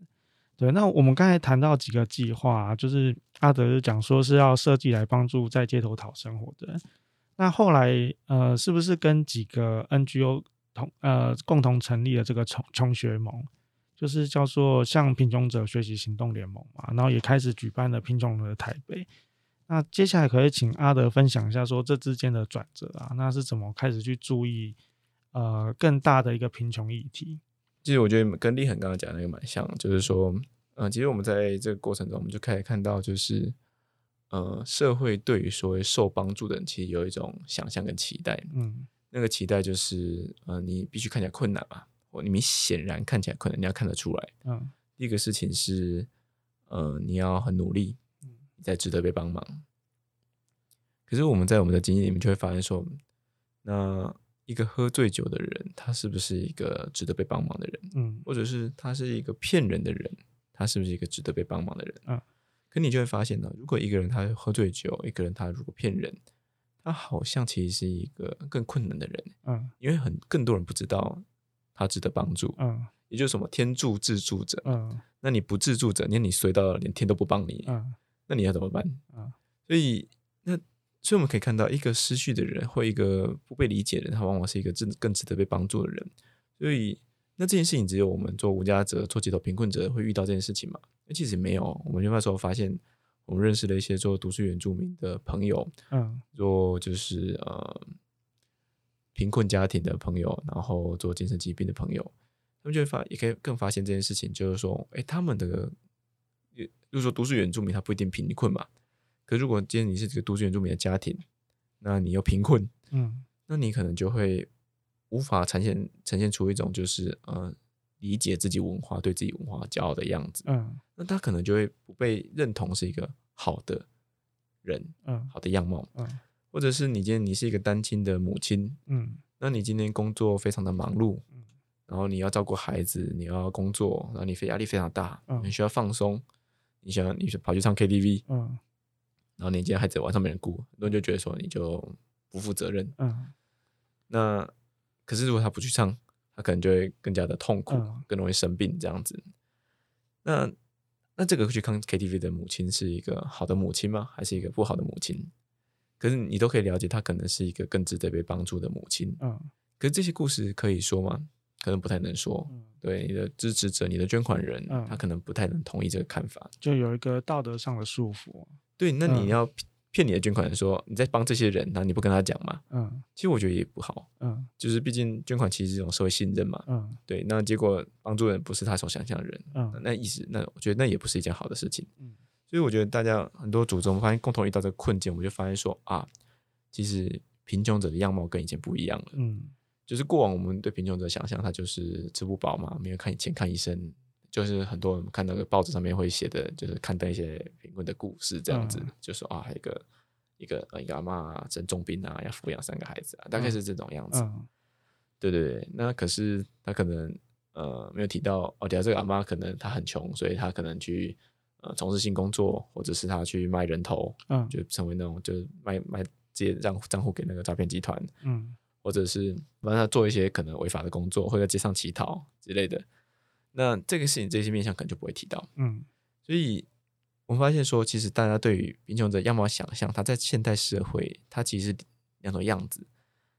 對，那我們剛才談到幾個計劃啊，就是阿德是講說是要設計來幫助在街頭討生活的。那後來呃，是不是跟幾個 NGO 同呃共同成立了這個窮窮學盟，就是叫做向貧窮者學習行動聯盟嘛？然後也開始舉辦了貧窮的台北。那接下來可以請阿德分享一下，說這之間的轉折啊，那是怎麼開始去注意，呃，更大的一個貧窮議題。其實我覺得跟立恆剛剛講的也蠻像，就是說，嗯、呃，其實我們在這個過程中，我們就可以看到，就是，呃，社會對於所謂受幫助的人，其實有一種想象跟期待。嗯，那個期待就是，呃，你必須看起來困難嘛，或、哦、你明顯然看起來困難，你要看得出來。嗯，第一個事情是，呃，你要很努力。在值得被幫忙。可是我們在我們的經驗裡面就會發現說，說那一個喝醉酒的人，他是不是一個值得被幫忙的人？嗯，或者是他是一個騙人的人，他是不是一個值得被幫忙的人？嗯，可你就會發現呢，如果一個人他喝醉酒，一個人他如果騙人，他好像其實是一個更困難的人。嗯，因為很更多人不知道他值得幫助。嗯，也就是什麼天助自助者。嗯，那你不自助者，連你衰到連天都不幫你。嗯。那你要怎麼辦？嗯，所以那所以我們可以看到，一個失去的人或一個不被理解的人，他往往是一個更更值得被幫助的人。所以那這件事情，只有我們做無家者、做街頭貧困者會遇到這件事情嗎？那其實沒有。我們那時候發現，我們認識了一些做獨居原住民的朋友，嗯，做就是呃貧困家庭的朋友，然後做精神疾病的朋友，他們就會發，也可以更發現這件事情，就是說，哎、欸，他們的。就是說，都市原住民他不一定貧困嘛。可如果今天你是這個都市原住民的家庭，那你又貧困，嗯，那你可能就會無法呈現呈現出一種就是嗯、呃，理解自己文化、對自己文化驕傲的樣子，嗯，那他可能就會不被認同是一個好的人，嗯，好的樣貌，嗯，嗯，或者是你今天你是一個單親的母親，嗯，那你今天工作非常的忙碌，嗯，然後你要照顧孩子，你要工作，然後你非壓力非常大，嗯，你需要放鬆。你想，你跑去唱 KTV，嗯，然後你今天還在晚上沒人顧，很多人就覺得說你就不負責任，嗯，那可是如果他不去唱，他可能就會更加的痛苦，嗯、更容易生病這樣子。那那這個去看 KTV 的母親是一個好的母親嗎？還是一個不好的母親？可是你都可以了解，她可能是一個更值得被幫助的母親。嗯，可是這些故事可以說嗎？可能不太能說，嗯、對你的支持者、你的捐款人、嗯，他可能不太能同意這個看法，就有一個道德上的束縛。對，那你要騙你的捐款人說你在幫這些人，那你不跟他講嘛？嗯，其實我覺得也不好。嗯，就是畢竟捐款其實是一種社會信任嘛。嗯，對，那結果幫助人不是他所想象的人、嗯，那意思，那我覺得那也不是一件好的事情。嗯，所以我覺得大家很多組織發現共同遇到這個困境，我們就發現說啊，其實貧窮者的樣貌跟以前不一樣了。嗯。就是過往我們對貧窮者的想象他就是吃不飽嘛，沒有看以前看醫生，就是很多人看那個報紙上面會寫的，就是刊登一些貧困的故事這樣子，uh -huh. 就說啊一，一個一個、呃、一個阿嬤生重病啊，要撫養三個孩子啊，大概是這種樣子。Uh -huh. 對對對，那可是他可能呃沒有提到，哦，底下這個阿嬤可能她很窮，所以她可能去呃從事性工作，或者是她去賣人頭，嗯、uh -huh.，就成為那種就賣賣這些賬戶給那個詐騙集團，嗯、uh -huh.。或者是幫他做一些可能違法的工作，或者街上乞討之類的。那這個事情，這些面向可能就不會提到。嗯，所以我們發現說，其實大家對於貧窮者，要麼想象他在現代社會，他其實兩種樣、樣子，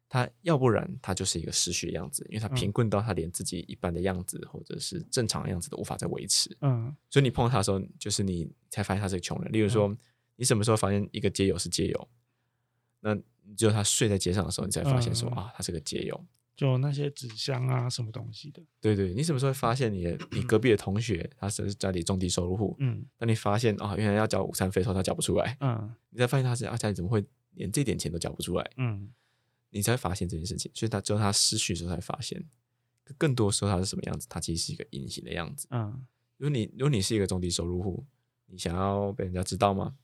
他要不然他就是一個失序的樣子，因為他貧困到他連自己一般的樣子，嗯、或者是正常的樣子都無法再維持。嗯，所以你碰到他的時候，就是你才發現他是個窮人。例如說、嗯，你什麼時候發現一個街友是街友？那？只有他睡在街上的時候，你才發現說、嗯、啊，他是個街友，就那些紙箱啊，什麼東西的。對對、對，你什麼時候會發現你的你隔壁的同學，咳咳他是家裡中低收入戶。嗯。當你發現啊，原來要交午餐費的時候，他交不出來。嗯。你才發現他是啊，家裡怎麼會連這點錢都交不出來？嗯。你才會發現這件事情，所以他只有他失去的時候才發現。更多時候他是什麼樣子？他其實是一個隱形的樣子。嗯。如果你如果你是一個中低收入戶，你想要被人家知道嗎？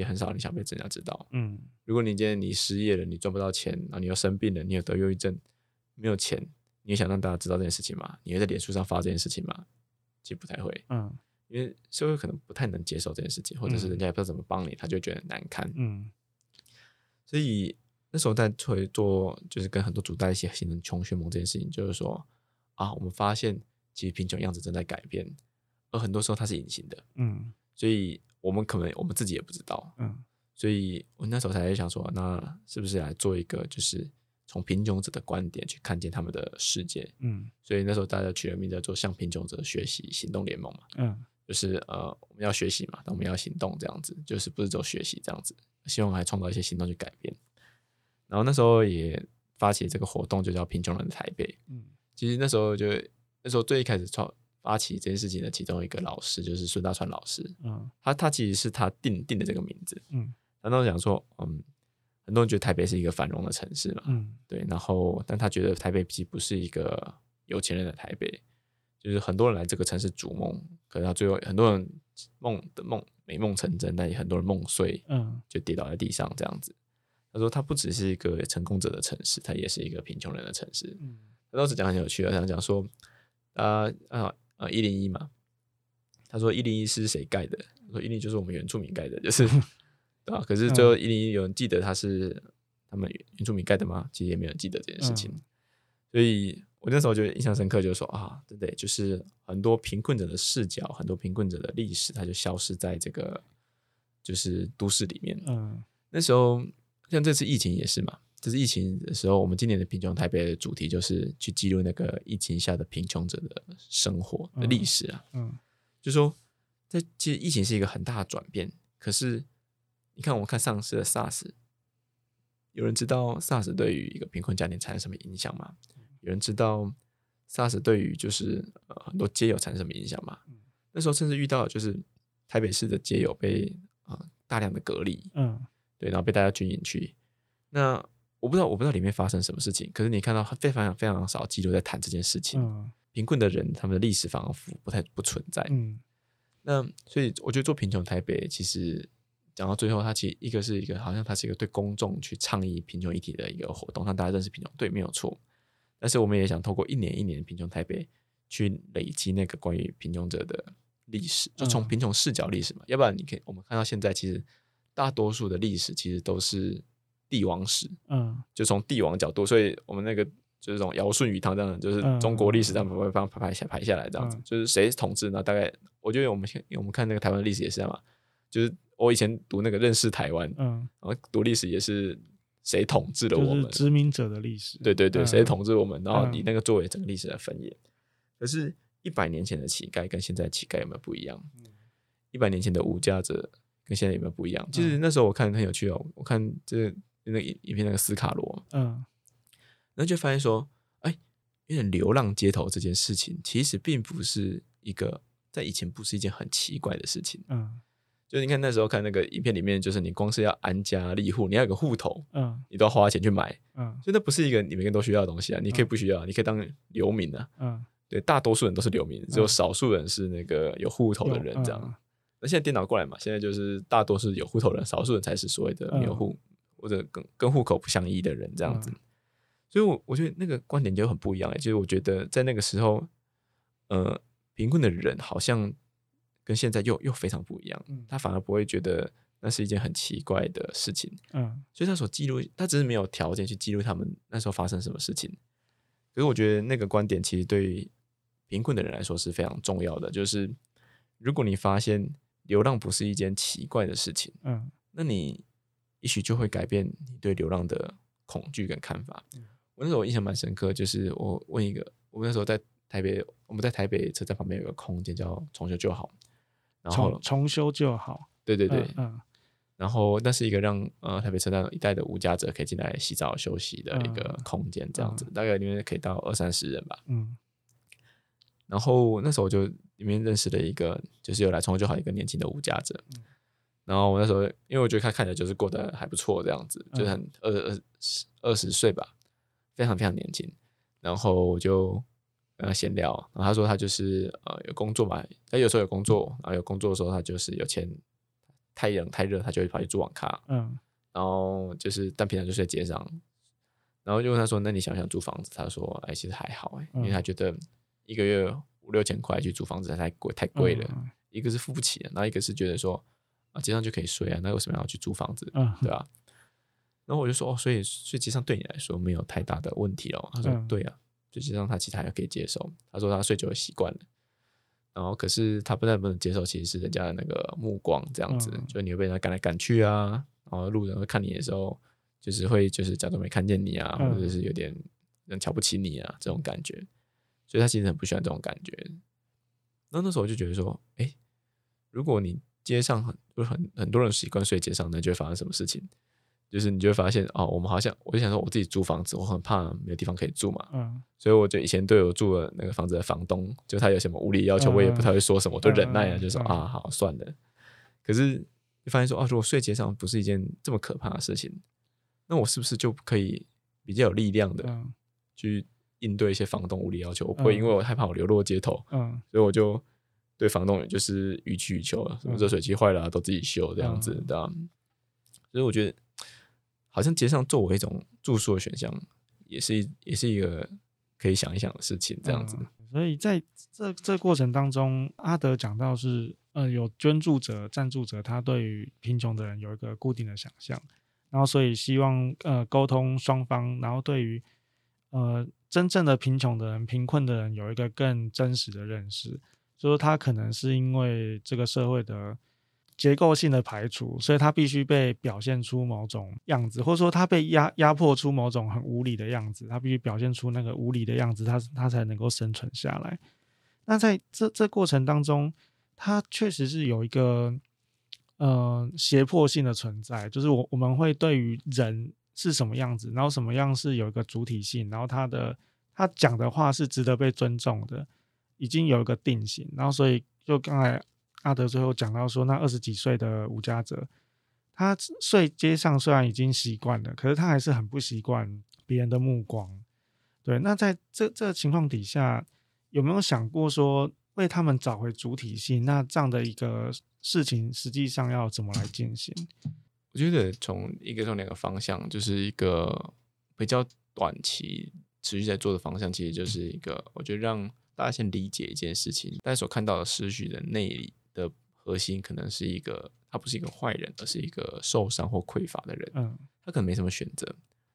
也很少，你想被人家知道。嗯，如果你今天你失業了，你賺不到錢，然後你又生病了，你也得憂鬱症，沒有錢，你也想讓大家知道這件事情嗎？你會在臉書上發這件事情嗎？其實不太會。嗯，因為社會可能不太能接受這件事情，或者是人家也不知道怎麼幫你，嗯，他就覺得很難堪。嗯，所以那時候在做做，就是跟很多主帶一起形成窮學盟這件事情，就是說啊，我們發現其實貧窮樣子正在改變，而很多時候它是隱形的。嗯，所以。我們可能我們自己也不知道，嗯，所以我那時候才想說，那是不是來做一個，就是從貧窮者的觀點去看見他們的世界，嗯，所以那時候大家取了名叫做“向貧窮者學習行動聯盟”嘛，嗯，就是呃我們要學習嘛，但我們要行動這樣子，就是不是走學習這樣子，希望我還創造一些行動去改變。然後那時候也發起這個活動，就叫“貧窮人的台北”，嗯，其實那時候就那時候最一開始創。發起這件事情的其中一個老師就是孫大川老師，嗯，他他其實是他定定的這個名字，嗯，他當時講說，嗯，很多人覺得台北是一個繁榮的城市嘛，嗯，對，然後但他覺得台北其實不是一個有錢人的台北，就是很多人來這個城市逐夢，可能他最後很多人夢的夢美夢成真，但也很多人夢碎，嗯，就跌倒在地上這樣子。他說他不只是一個成功者的城市，他也是一個貧窮人的城市，嗯，他當時講很有趣的，他講說，呃呃。啊、呃，一零一嘛，他說一零一是誰蓋的？說說一零一就是我們原住民蓋的，就是啊。 可是最後一零一有人記得他是他們原住民蓋的嗎？其實也沒有人記得這件事情。嗯、所以我那時候就印象深刻就，就說啊，對不對，對？就是很多貧困者的視角，很多貧困者的歷史，它就消失在這個就是都市裡面。嗯，那時候像這次疫情也是嘛。就是疫情的時候，我們今年的貧窮台北的主題就是去記錄那個疫情下的貧窮者的生活的歷史啊。嗯，嗯就說在其實疫情是一個很大的轉變，可是你看，我看上次的 SARS，有人知道 SARS 對於一個貧困家庭產生什麼影響嗎？有人知道 SARS 對於就是呃很多街友產生什麼影響嗎？嗯，那時候甚至遇到就是台北市的街友被啊、呃、大量的隔離，嗯，對，然後被帶到軍營去，那。我不知道，我不知道裡面發生什麼事情。可是你看到非常非常少記者在談這件事情。嗯、貧困的人他們的歷史仿佛不太不存在。嗯，那所以我覺得做貧窮台北，其實講到最後，它其實一個是一個好像它是一個對公眾去倡議貧窮議題的一個活動，讓大家認識貧窮，對，沒有錯。但是我們也想透過一年一年的貧窮台北去累積那個關於貧窮者的歷史，就從貧窮視角歷史嘛、嗯。要不然你可以我們看到現在，其實大多數的歷史其實都是。帝王史，嗯，就從帝王角度、嗯，所以我們那個就是這種堯舜禹湯這樣就是中國歷史這樣排排排排排下來這樣子，嗯嗯、就是誰統治呢？大概我覺得我們我們看那個台灣歷史也是這樣嘛，就是我以前讀那個認識台灣，嗯，然後讀歷史也是誰統治了我們、就是、殖民者的歷史，對對對，誰、嗯、統治我們？然後你那個作為整個歷史來分野。可是，一百年前的乞丐跟現在乞丐有沒有不一樣？嗯、一百年前的無家者跟現在有沒有不一樣？其實那時候我看很有趣哦，我看這個。那影影片那個斯卡羅，嗯，然後就發現說，哎、欸，因為流浪街頭這件事情，其實並不是一個在以前不是一件很奇怪的事情，嗯，就你看那時候看那個影片裡面，就是你光是要安家立戶，你要有個戶頭，嗯，你都要花錢去買，嗯，所以那不是一個你每個人都需要的東西啊，你可以不需要，嗯、你可以當流民啊，嗯，對，大多數人都是流民，嗯、只有少數人是那個有戶頭的人這樣，嗯、那現在電腦過來嘛，現在就是大多數有戶頭的人，少數人才是所謂的流戶。嗯或者跟跟戶口不相依的人這樣子，嗯、所以我，我我覺得那個觀點就很不一樣，哎、欸。就是我覺得在那個時候，呃，貧困的人好像跟現在又又非常不一樣、嗯。他反而不會覺得那是一件很奇怪的事情。嗯，所以他所記錄，他只是沒有條件去記錄他們那時候發生什麼事情。可是，我覺得那個觀點其實對於貧困的人來說是非常重要的。就是，如果你發現流浪不是一件奇怪的事情，嗯，那你。也許就會改變你對流浪的恐懼跟看法，嗯。我那時候我印象蠻深刻，就是我問一個，我們那時候在台北，我們在台北車站旁邊有個空間叫“重修舊好”，然後重“重修舊好”，對對對，嗯。嗯然後，那是一個讓呃台北車站一帶的無家者可以進來洗澡休息的一個空間，這樣子，嗯，大概裡面可以到二三十人吧，嗯。然後那時候我就裡面認識了一個，就是有來“重修舊好”一個年輕的無家者。嗯然後我那時候，因為我覺得他看起來就是過得還不錯，這樣子，嗯、就是、很二二十二十歲吧，非常非常年輕。然後我就跟他閒聊，然後他說他就是呃有工作嘛，他有時候有工作，然後有工作的時候他就是有錢，太冷太熱他就會跑去租網咖，然後就是但平常就是在街上。然後就問他說：“那你想不想租房子？”他說：“哎，其實還好、欸嗯、因為他覺得一個月五六千塊去租房子還太貴太貴了、嗯，一個是付不起的，然後一個是覺得說。”街上就可以睡啊，那為什麼要去租房子、啊？對吧、啊？然後我就說，哦，所以睡街上對你來說沒有太大的問題哦、啊。他說，對啊，就街上他其他也可以接受。他說他睡久了習慣了。然後可是他不太不能接受，其實是人家的那個目光這樣子，啊、就你會被人家趕來趕去啊，然後路人會看你的時候，就是會就是假裝沒看見你啊，啊，或者是有點人瞧不起你啊這種感覺。所以他其實很不喜歡這種感覺。那那時候我就覺得說，哎、欸，如果你。街上很就是很很多人習慣睡街上，那就會發生什麼事情？就是你就會發現哦，我們好像我就想說，我自己租房子，我很怕沒有地方可以住嘛、嗯。所以我就以前對我住的那個房子的房東，就他有什麼無理要求，嗯、我也不太會說什麼，我就忍耐啊，就說、嗯嗯、啊好算了。可是你發現說啊，如果睡街上不是一件這麼可怕的事情，那我是不是就可以比較有力量的去應對一些房東無理要求？我不會因為我害怕我流落街頭，嗯嗯、所以我就。對，房東也就是予取予求了，什麼熱水器壞了、啊、都自己修這樣子，對、嗯、所以我覺得，好像街上作為一種住宿的選項，也是也是一個可以想一想的事情，這樣子。嗯、所以在這這過程當中，阿德講到是，呃，有捐助者、贊助者，他對於貧窮的人有一個固定的想象，然後所以希望呃溝通雙方，然後對於呃真正的貧窮的人、貧困的人有一個更真實的認識。就是他可能是因為這個社會的結構性的排除，所以他必須被表現出某種樣子，或者說他被壓壓迫出某種很無理的樣子，他必須表現出那個無理的樣子，他他才能夠生存下來。那在這這過程當中，他確實是有一個嗯、呃、脅迫性的存在，就是我我們會對於人是什麼樣子，然後什麼樣是有一個主體性，然後他的，他講的話是值得被尊重的。已經有一個定型，然後所以就剛才阿德最後講到說，那二十幾歲的無家者，他睡街上雖然已經習慣了，可是他還是很不習慣別人的目光。對，那在這這情況底下，有沒有想過說為他們找回主體性？那這樣的一個事情，實際上要怎麼來進行？我覺得從一個從兩個方向，就是一個比較短期持續在做的方向，其實就是一個我覺得讓。大家先理解一件事情，大家所看到的失序的內裡的核心，可能是一個他不是一個壞人，而是一個受傷或匱乏的人。嗯，他可能沒什麼選擇。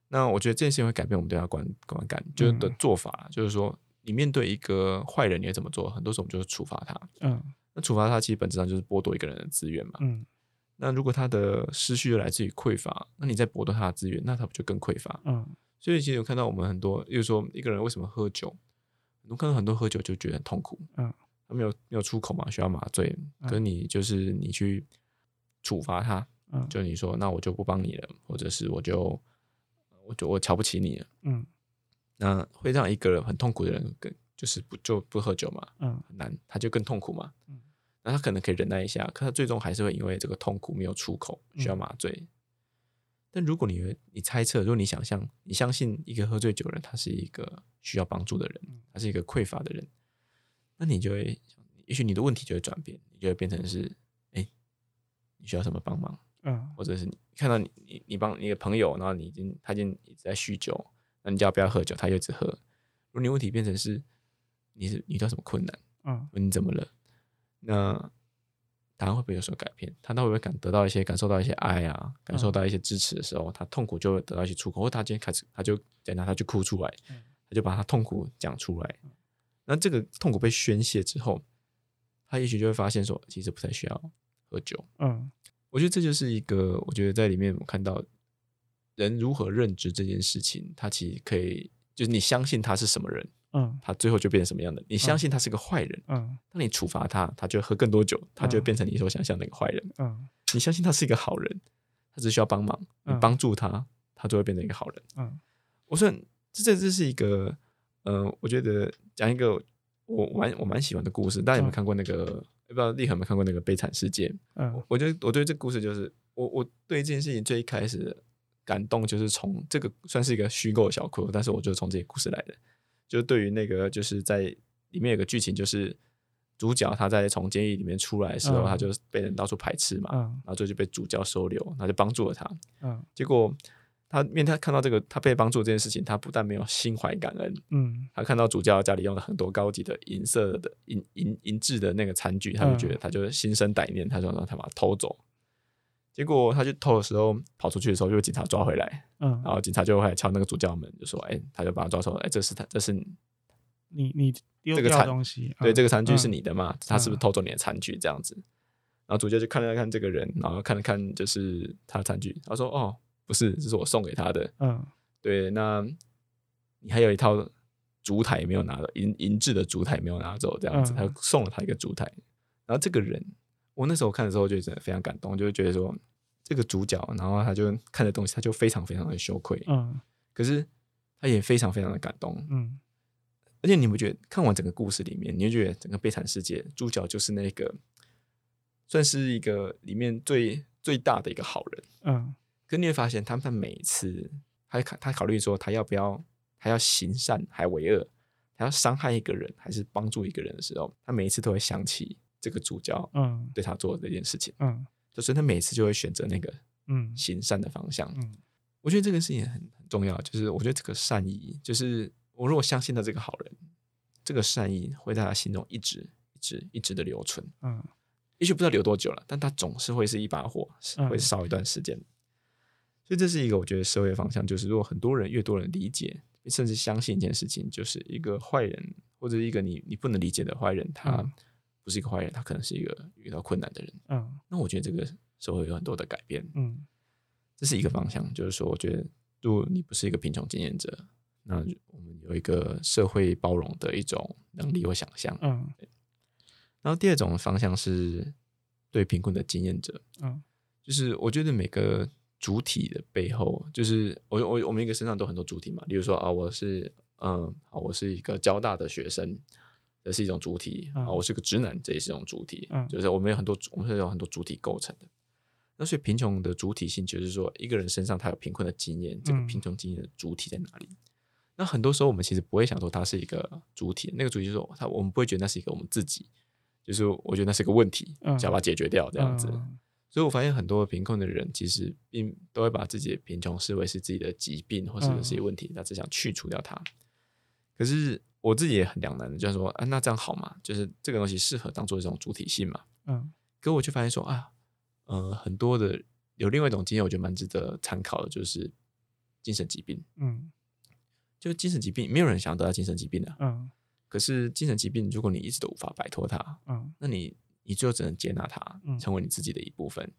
那我覺得這件事情會改變我們對他觀觀感，就是的做法、嗯，就是說你面對一個壞人，你要怎麼做？很多時候我們就是處罰他。嗯，那處罰他其實本質上就是剝奪一個人的資源嘛。嗯，那如果他的失序又來自於匱乏，那你再剝奪他的資源，那他不就更匱乏？嗯，所以其實我看到我們很多，例如說一個人為什麼喝酒？有可能很多喝酒就覺得很痛苦，嗯，他沒有沒有出口嘛，需要麻醉。可是你就是你去處罰他，嗯，就你說那我就不幫你了，或者是我就我就我瞧不起你了，嗯，那會讓一個人很痛苦的人更就是不就不喝酒嘛，嗯，很難他就更痛苦嘛，嗯，那他可能可以忍耐一下，可他最終還是會因為這個痛苦沒有出口，需要麻醉。嗯但如果你你猜測，如果你想象你相信一個喝醉酒的人，他是一個需要幫助的人，嗯，他是一個匱乏的人，那你就會，也許你的問題就會轉變，你就會變成是，哎，你需要什麼幫忙，嗯，或者是你看到你你你幫你的朋友，然後你已經他已經一直在酗酒，那你叫他不要喝酒，他就只喝。如果你的問題變成是，你是你遇到什麼困難，嗯，問你怎麼了，那。他會不會有所改變？他會不會感得到一些，感受到一些愛啊？感受到一些支持的時候，他痛苦就會得到一些出口。或他今天開始，他就等到他就哭出來，他就把他痛苦講出來。那這個痛苦被宣洩之後，他也許就會發現說，其實不太需要喝酒。嗯，我覺得這就是一個，我覺得在裡面我看到人如何認知這件事情，他其實可以，就是你相信他是什麼人。嗯，他最後就變成什麼樣的？你相信他是個壞人。嗯，嗯，當你處罰他，他就喝更多酒，他就會變成你所想象那個壞人。嗯，嗯，你相信他是一個好人，他只需要幫忙，你幫助他、嗯，他就會變成一個好人，嗯，我說這這這是一個，嗯、呃，我覺得講一個我蠻我蠻喜歡的故事，大家有沒有看過那個？嗯、不知道立恆有沒有看過那個悲慘世界？嗯，我，我覺得我對這故事就是我我對這件事情最一開始感動，就是從這個算是一個虛構的小說，但是我就從這個故事來的。就對於那個，就是在裡面有個劇情，就是主角他在從監獄裡面出來的時候，他就被人到處排斥嘛，然後就就被主教收留，然後就幫助了他。結果他面，他看到這個他被幫助的這件事情，他不但沒有心懷感恩，嗯，他看到主教家裡用了很多高級的銀色的銀銀銀質的那個餐具，他就覺得他就心生歹念，他就說讓他把它偷走。結果他去偷的時候，跑出去的時候就被警察抓回來。嗯，然後警察就來敲那個主教門，就說：“哎、欸，他就把他抓出來，哎、欸，這是他，這是你，你，你這個東西、嗯、對，這個餐具是你的嘛？嗯嗯、他是不是偷走你的餐具？這樣子？然後主教就看了看這個人，然後看了看就是他的餐具，他說：哦，不是，這是我送給他的。嗯，對，那你還有一套燭台沒有拿的銀銀質的燭台沒有拿走，拿走這樣子，嗯、他送了他一個燭台。然後這個人。我那時候看的時候，就真的非常感動，就會覺得說，這個主角，然後他就看的東西，他就非常非常的羞愧，嗯，可是他也非常非常的感動，嗯，而且你不覺得看完整個故事裡面，你就覺得整個悲慘世界主角就是那個算是一個裡面最最大的一個好人，嗯，可你會發現，他每一次他他考慮說他要不要他要行善還為惡，他要傷害一個人還是幫助一個人的時候，他每一次都會想起。這個主角嗯，對他做的這件事情，嗯，嗯就是他每次就會選擇那個，嗯，行善的方向嗯，嗯，我覺得這個事情很很重要，就是我覺得這個善意，就是我如果相信他是個好人，這個善意會在他心中一直、一直、一直的留存，嗯，也許不知道留多久了，但他總是會是一把火，會燒一段時間，嗯。所以這是一個我覺得社會的方向，就是如果很多人越多人理解，甚至相信一件事情，就是一個壞人，或者一個你你不能理解的壞人，他、嗯。不是一個壞人，他可能是一個遇到困難的人。嗯，那我覺得這個社會有很多的改變。嗯，這是一個方向，嗯、就是說，我覺得，如果你不是一個貧窮經驗者，那我們有一個社會包容的一種能力或想象。嗯。然後第二種方向是對貧困的經驗者。嗯，就是我覺得每個主體的背後，就是我我我們一個身上都很多主體嘛。例如說啊，我是，嗯，我是一個交大的學生。這是一種主體啊，嗯、我是個直男，這也是一種主體。嗯、就是我們有很多，我們是有很多主體構成的。那所以貧窮的主體性就是說，一個人身上他有貧困的經驗，這個貧窮經驗的主體在哪裡？嗯、那很多時候我們其實不會想說他是一個主體，那個主體就是說他，我們不會覺得那是一個我們自己。就是我覺得那是一個問題，想把它解決掉這樣子，嗯。所以我發現很多貧困的人其實並都會把自己的貧窮視為是自己的疾病，或者是些問題，那、嗯、只想去除掉它。可是。我自己也很兩難的，就是說，啊，那這樣好嘛？就是這個東西適合當做一種主體性嘛？嗯。可我卻發現說，啊，呃，很多的有另外一種經驗，我覺得蠻值得參考的，就是精神疾病。嗯。就精神疾病，沒有人想要得到精神疾病的，啊。嗯。可是精神疾病，如果你一直都無法擺脫它，嗯，那你你最後只能接納它，嗯，成為你自己的一部分。嗯，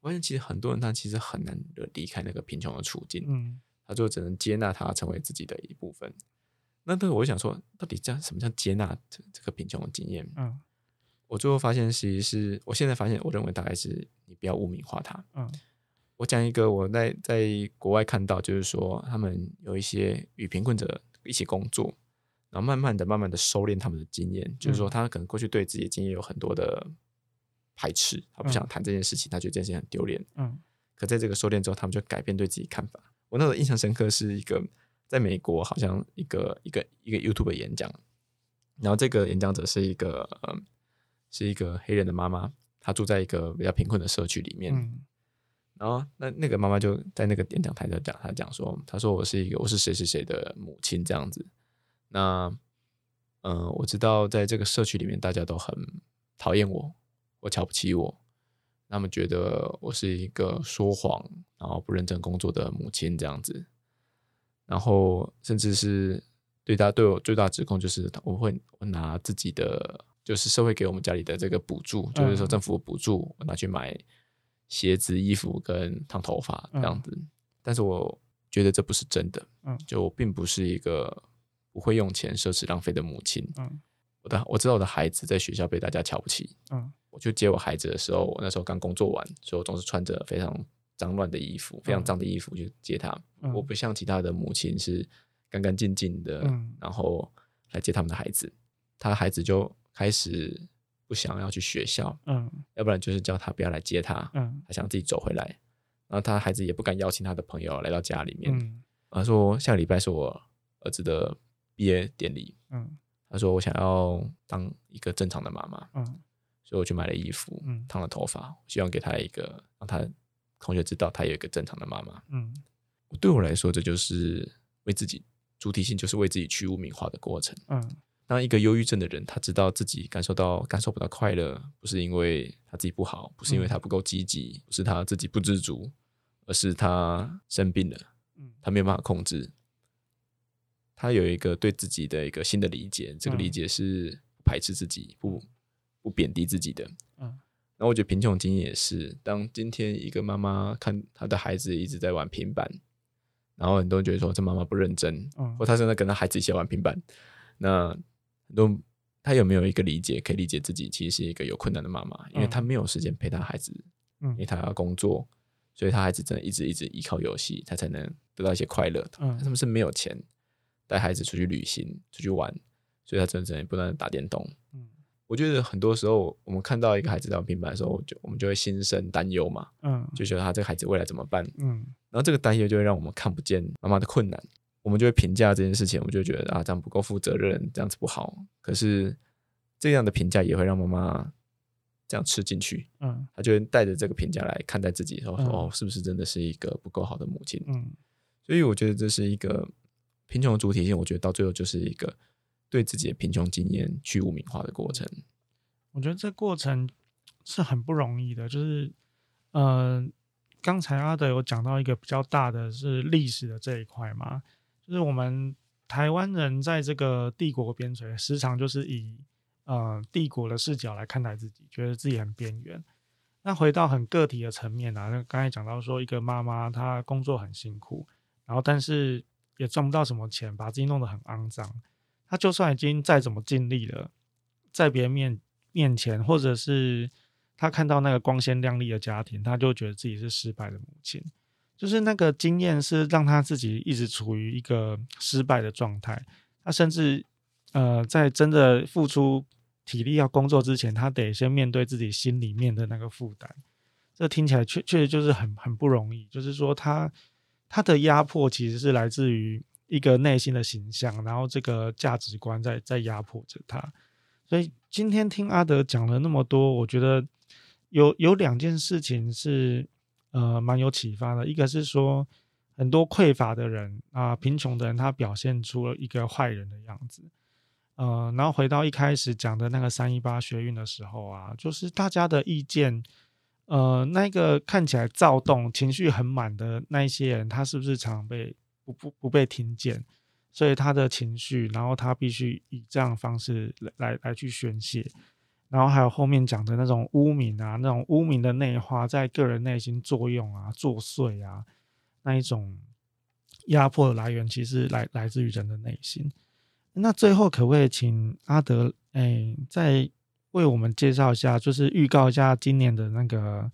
我發現其實很多人他其實很難的離開那個貧窮的處境，嗯，他最後只能接納它，成為自己的一部分。那但是我想說，到底這樣什麼叫接納這這個貧窮的經驗？嗯，我最後發現，其實是我現在發現，我認為大概是你不要污名化他。嗯，我講一個我在在國外看到，就是說他們有一些與貧困者一起工作，然後慢慢的、慢慢的收斂他們的經驗、嗯，就是說他可能過去對自己的經驗有很多的排斥，他不想談這件事情、嗯，他覺得這件事情很丟臉。嗯，可在這個收斂之後，他們就改變對自己看法。我那時候印象深刻是一個。在美國，好像一個一個一個 YouTube 的演講，然後這個演講者是一個、嗯、是一個黑人的媽媽，她住在一個比較貧困的社區裡面。嗯、然後那那個媽媽就在那個演講台就講，她講說：“她說我是一個我是誰誰誰的母親這樣子。那嗯，我知道在這個社區裡面大家都很討厭我，我瞧不起我，他們覺得我是一個說謊然後不認真工作的母親這樣子。”然後，甚至是對他對我最大的指控就是，我會拿自己的，就是社會給我們家裡的這個補助，就是說政府補助，我拿去買鞋子、衣服跟燙頭髮這樣子。但是我覺得這不是真的，就我並不是一個不會用錢奢侈浪費的母親。我的我知道我的孩子在學校被大家瞧不起，我去接我孩子的時候，我那時候剛工作完，所以我總是穿着非常。髒亂的衣服，非常髒的衣服，就、嗯、接他、嗯。我不像其他的母親是乾乾淨淨的、嗯，然後來接他們的孩子。他孩子就開始不想要去學校，嗯，要不然就是叫他不要來接他，嗯，他想自己走回來。然後他孩子也不敢邀請他的朋友來到家裡面，她、嗯、他說下個禮拜是我兒子的畢業典禮，她、嗯、他說我想要當一個正常的媽媽，嗯，所以我去買了衣服，嗯，燙了頭髮，希望給他一個讓他。同學知道他有一個正常的媽媽，嗯，對我來說，這就是為自己主體性，就是為自己去汙名化的過程。嗯，當一個憂鬱症的人，他知道自己感受到感受不到快樂，不是因為他自己不好，不是因為他不夠積極，不是他自己不知足，而是他生病了，嗯，他沒有辦法控制，他有一個對自己的一個新的理解，這個理解是不排斥自己，不不貶低自己的。那我覺得貧窮經驗也是，當今天一個媽媽看她的孩子一直在玩平板，然後很多人覺得說這媽媽不認真，嗯、或她正在跟她孩子一起玩平板，那都她有沒有一個理解，可以理解自己其實是一個有困難的媽媽，因為她沒有時間陪她孩子，嗯、因為她要工作，所以她孩子真的一直一直依靠遊戲，她才能得到一些快樂，嗯。她是不是沒有錢帶孩子出去旅行、出去玩，所以她只能只能不斷的打電動。嗯我覺得很多時候，我們看到一個孩子這樣平板的時候，我就我們就會心生擔憂嘛，嗯，就覺得他這個孩子未來怎麼辦，嗯，然後這個擔憂就會讓我們看不見媽媽的困難，我們就會評價這件事情，我就覺得啊，這樣不夠負責任，這樣子不好。可是這樣的評價也會讓媽媽這樣吃進去，嗯，他就會帶着這個評價來看待自己，然後，嗯，說哦，是不是真的是一個不夠好的母親？嗯，所以我覺得這是一個貧窮的主體性，我覺得到最後就是一個。對自己的貧窮經驗去汙名化的過程，我覺得這過程是很不容易的。就是，嗯、呃，剛才阿德有講到一個比較大的是歷史的這一塊嘛，就是我們台灣人在這個帝國邊陲，時常就是以呃帝國的視角來看待自己，覺得自己很邊緣。那回到很個體的層面啊，那剛才講到說，一個媽媽她工作很辛苦，然後但是也賺不到什麼錢，把自己弄得很骯髒。他就算已經再怎麼盡力了，在別人面面前，或者是他看到那個光鮮亮麗的家庭，他就覺得自己是失敗的母親。就是那個經驗是讓他自己一直處於一個失敗的狀態。他甚至呃，在真的付出體力要工作之前，他得先面對自己心裡面的那個負擔。這聽起來確確實就是很很不容易。就是說他，他他的壓迫其實是來自於。一個內心的形象，然後這個價值觀在在壓迫着他。所以今天聽阿德講了那麼多，我覺得有有兩件事情是呃蠻有啟發的。一個是說很多匱乏的人啊，貧窮的人，他表現出了一個壞人的樣子。呃，然後回到一開始講的那個三一八學運的時候啊，就是大家的意見，呃，那個看起來躁動、情緒很滿的那一些人，他是不是常被？不不不被聽見，所以他的情緒，然後他必須以這樣的方式來來來去宣洩，然後還有後面講的那種污名啊，那種污名的內化在個人內心作用啊，作祟啊，那一種壓迫的來源其實來來自於人的內心。那最後可不可以請阿德誒，欸，再為我們介紹一下，就是預告一下今年的那個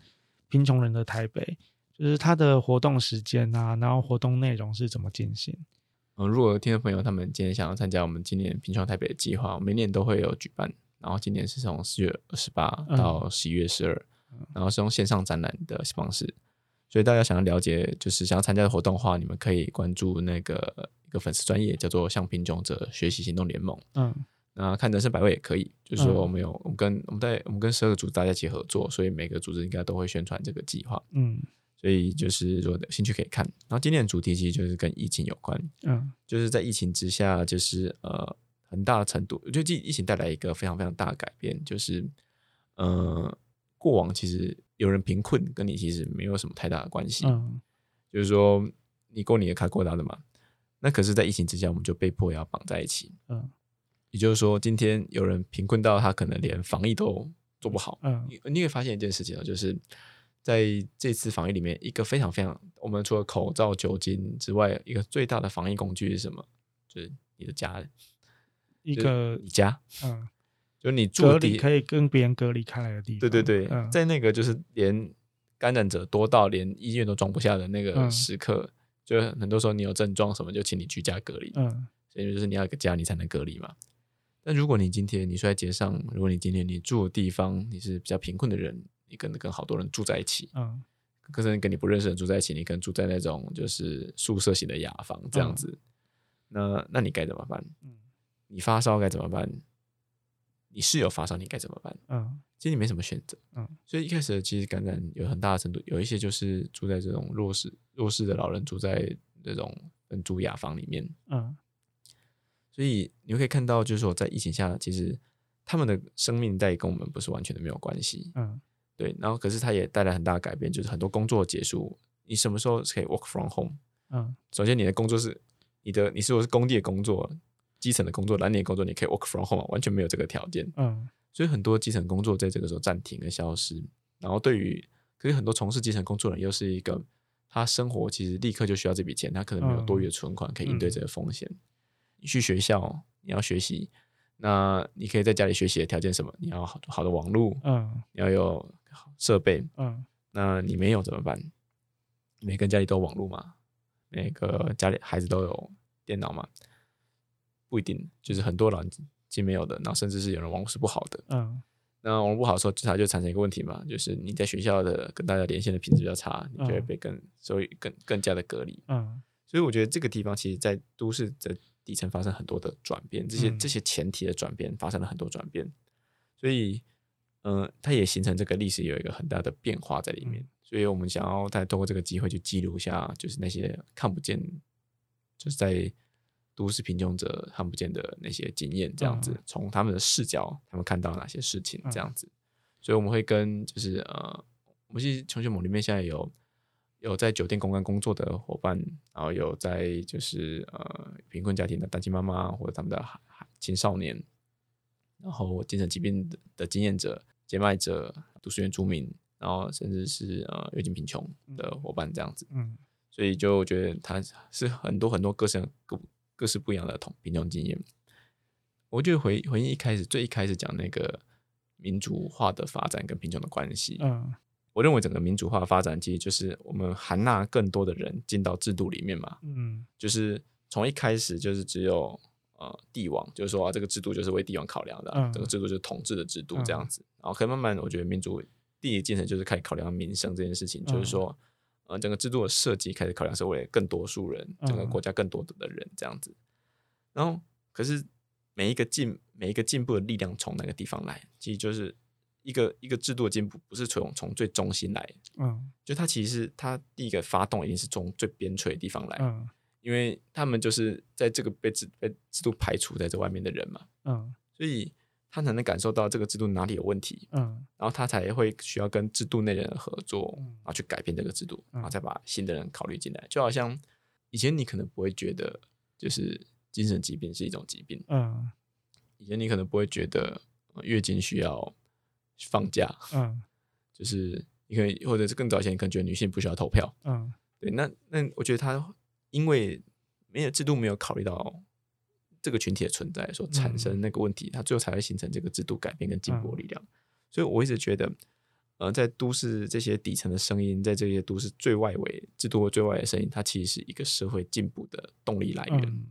貧窮人的台北。就是他的活動時間啊，然後活動內容是怎麼進行？嗯，如果聽眾朋友他們今天想要參加我們今年貧窮台北的計劃，每年都會有舉辦，然後今年是從四月二十八到十一月十二，嗯，然後是用線上展覽的方式，嗯，所以大家想要了解就是想要參加的活動的話，你們可以關注那個一個粉絲專頁叫做向貧窮者學習行動聯盟，嗯，那看人生百味也可以，就是說我們有、嗯、我們跟我們在我們跟十二個組織大家一起合作，所以每個組織應該都會宣傳這個計劃，嗯。所以就是說，有興趣可以看。然後今天的主題其實就是跟疫情有關，嗯，就是在疫情之下，就是呃，很大的程度，我覺得疫情帶來一個非常非常大的改變，就是呃，過往其實有人貧困跟你其實沒有什麼太大的關係，嗯，就是說你過你的，他過他的嘛。那可是，在疫情之下，我們就被迫要綁在一起，嗯，也就是說，今天有人貧困到他可能連防疫都做不好，嗯，你你也發現一件事情啊，就是。在這次防疫裡面，一個非常非常，我們除了口罩、酒精之外，一個最大的防疫工具是什麼？就是你的家。一個你家，嗯，就是你住的你可以跟別人隔離開來的地方。對對對、嗯，在那個就是連感染者多到連醫院都裝不下的那個時刻，嗯，就很多時候你有症狀什麼，就請你居家隔離。嗯，所以就是你要一個家，你才能隔離嘛。但如果你今天你睡在街上，如果你今天你住的地方你是比較貧困的人。跟跟好多人住在一起，嗯，可是跟你不認識的人住在一起，你可能住在那種就是宿舍型的雅房這樣子。嗯、那那你該怎麼辦？嗯，你發燒該怎麼辦？你室友發燒，你該怎麼辦？嗯，其實你沒什麼選擇，嗯。所以一開始其實感染有很大的程度，有一些就是住在這種弱勢弱勢的老人住在那種嗯，住雅房裡面，嗯。所以你可以看到，就是說在疫情下，其實他們的生命帶跟我們不是完全的沒有關係，嗯。對，然後可是它也帶來很大的改變，就是很多工作結束，你什麼時候是可以 work from home？嗯，首先你的工作是你的，你說是工地的工作，基層的工作，藍領工作你可以 work from home，完全沒有這個條件。嗯，所以很多基層工作在這個時候暫停跟消失。然後對於可是很多從事基層工作的人又是一個，他生活其實立刻就需要這筆錢，他可能沒有多餘的存款可以應對這個風險。嗯，你去學校，你要學習，那你可以在家裡學習的條件什麼？你要好好的網路，嗯，你要有。設備，嗯，那你沒有怎麼辦？每個家裡都有網絡嘛，每個家裡孩子都有電腦嘛，不一定，就是很多老人是沒有的，那甚至是有人網絡是不好的，嗯，那網絡不好的時候，就它就產生一個問題嘛，就是你在學校的跟大家連線的品質比較差，你就會被更、嗯、所以更更加的隔離，嗯，所以我覺得這個地方其實在都市的底層發生很多的轉變，這些、嗯、這些前提的轉變發生了很多轉變，所以。嗯，它也形成這個歷史有一個很大的變化在裡面，嗯、所以我們想要再通過這個機會去記錄一下，就是那些看不見，就是在都市貧窮者看不見的那些經驗，這樣子，從、嗯、他們的視角，他們看到哪些事情，這樣子、嗯，所以我們會跟，就是呃，我們其實窮學盟裡面現在有有在酒店公關工作的伙伴，然後有在就是呃，貧困家庭的單親媽媽或者他們的青少年，然後精神疾病的經驗者。街賣者、讀書人出名，然後甚至是呃，越境貧窮的夥伴這樣子。嗯嗯，所以就我覺得他是很多很多各式各各式不一樣的同貧窮經驗。我就回回應一開始最一開始講那個民主化的發展跟貧窮的關係。嗯，我認為整個民主化發展其實就是我們含納更多的人進到制度裡面嘛。嗯，就是從一開始就是只有。呃，帝王，就是說啊，這個制度就是為帝王考量的，啊嗯，整個制度就是統治的制度這樣子。嗯、然後，可以慢慢，我覺得民主第一進程就是開始考量民生這件事情，嗯、就是說，呃，整個制度的設計開始考量是為了更多數人，嗯，整個國家更多的人這樣子。然後，可是每一個進每一個進步的力量從哪個地方來？其實就是一個一個制度的進步，不是從從最中心來，嗯，就它其實它第一個發動已經是從最邊陲的地方來，嗯嗯因為他們就是在這個被制被制度排除在這外面的人嘛，嗯，所以他才能感受到這個制度哪裡有問題，嗯，然後他才會需要跟制度內人合作，嗯，然後去改變這個制度，嗯，然後再把新的人考慮進來。就好像以前你可能不會覺得，就是精神疾病是一種疾病，嗯，以前你可能不會覺得月經需要放假，嗯，就是你可以，或者是更早前你可能覺得女性不需要投票，嗯，對，那那我覺得他。因為沒有制度，沒有考慮到這個群體的存在，所產生那個問題，嗯，它最後才會形成這個制度改變跟進步力量。嗯、所以，我一直覺得，呃，在都市這些底層的聲音，在這些都市最外圍、制度和最外圍的聲音，它其實是一個社會進步的動力來源。嗯、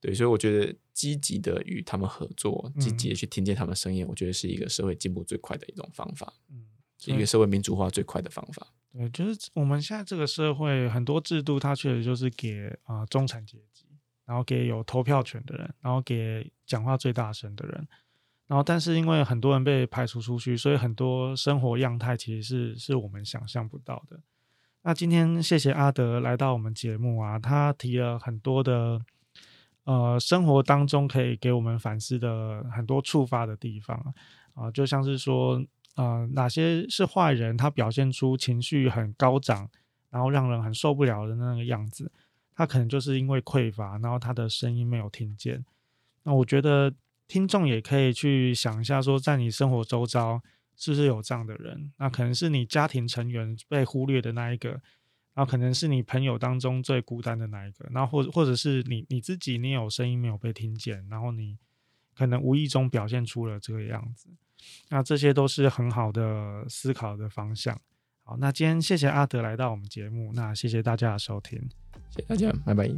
對，所以我覺得積極的與他們合作，積極的去聽見他們聲音，嗯，我覺得是一個社會進步最快的一種方法，嗯，一個社會民主化最快的方法。對，就是我們現在這個社會，很多制度它確實就是給啊、呃、中產階級，然後給有投票權的人，然後給講話最大聲的人，然後但是因為很多人被排除出去，所以很多生活樣態其實是是我們想象不到的。那今天謝謝阿德來到我們節目啊，他提了很多的呃生活當中可以給我們反思的很多觸發的地方啊、呃，就像是說。啊、呃，哪些是壞人？他表現出情緒很高漲，然後讓人很受不了的那個樣子，他可能就是因為匱乏，然後他的聲音沒有聽見。那我覺得聽眾也可以去想一下，說在你生活周遭是不是有這樣的人？那可能是你家庭成員被忽略的那一個，然後可能是你朋友當中最孤單的那一個，然後或者或者是你你自己，你有聲音沒有被聽見，然後你可能無意中表現出了這個樣子。那這些都是很好的思考的方向。好，那今天謝謝阿德來到我們節目，那謝謝大家的收聽，謝謝大家，拜拜。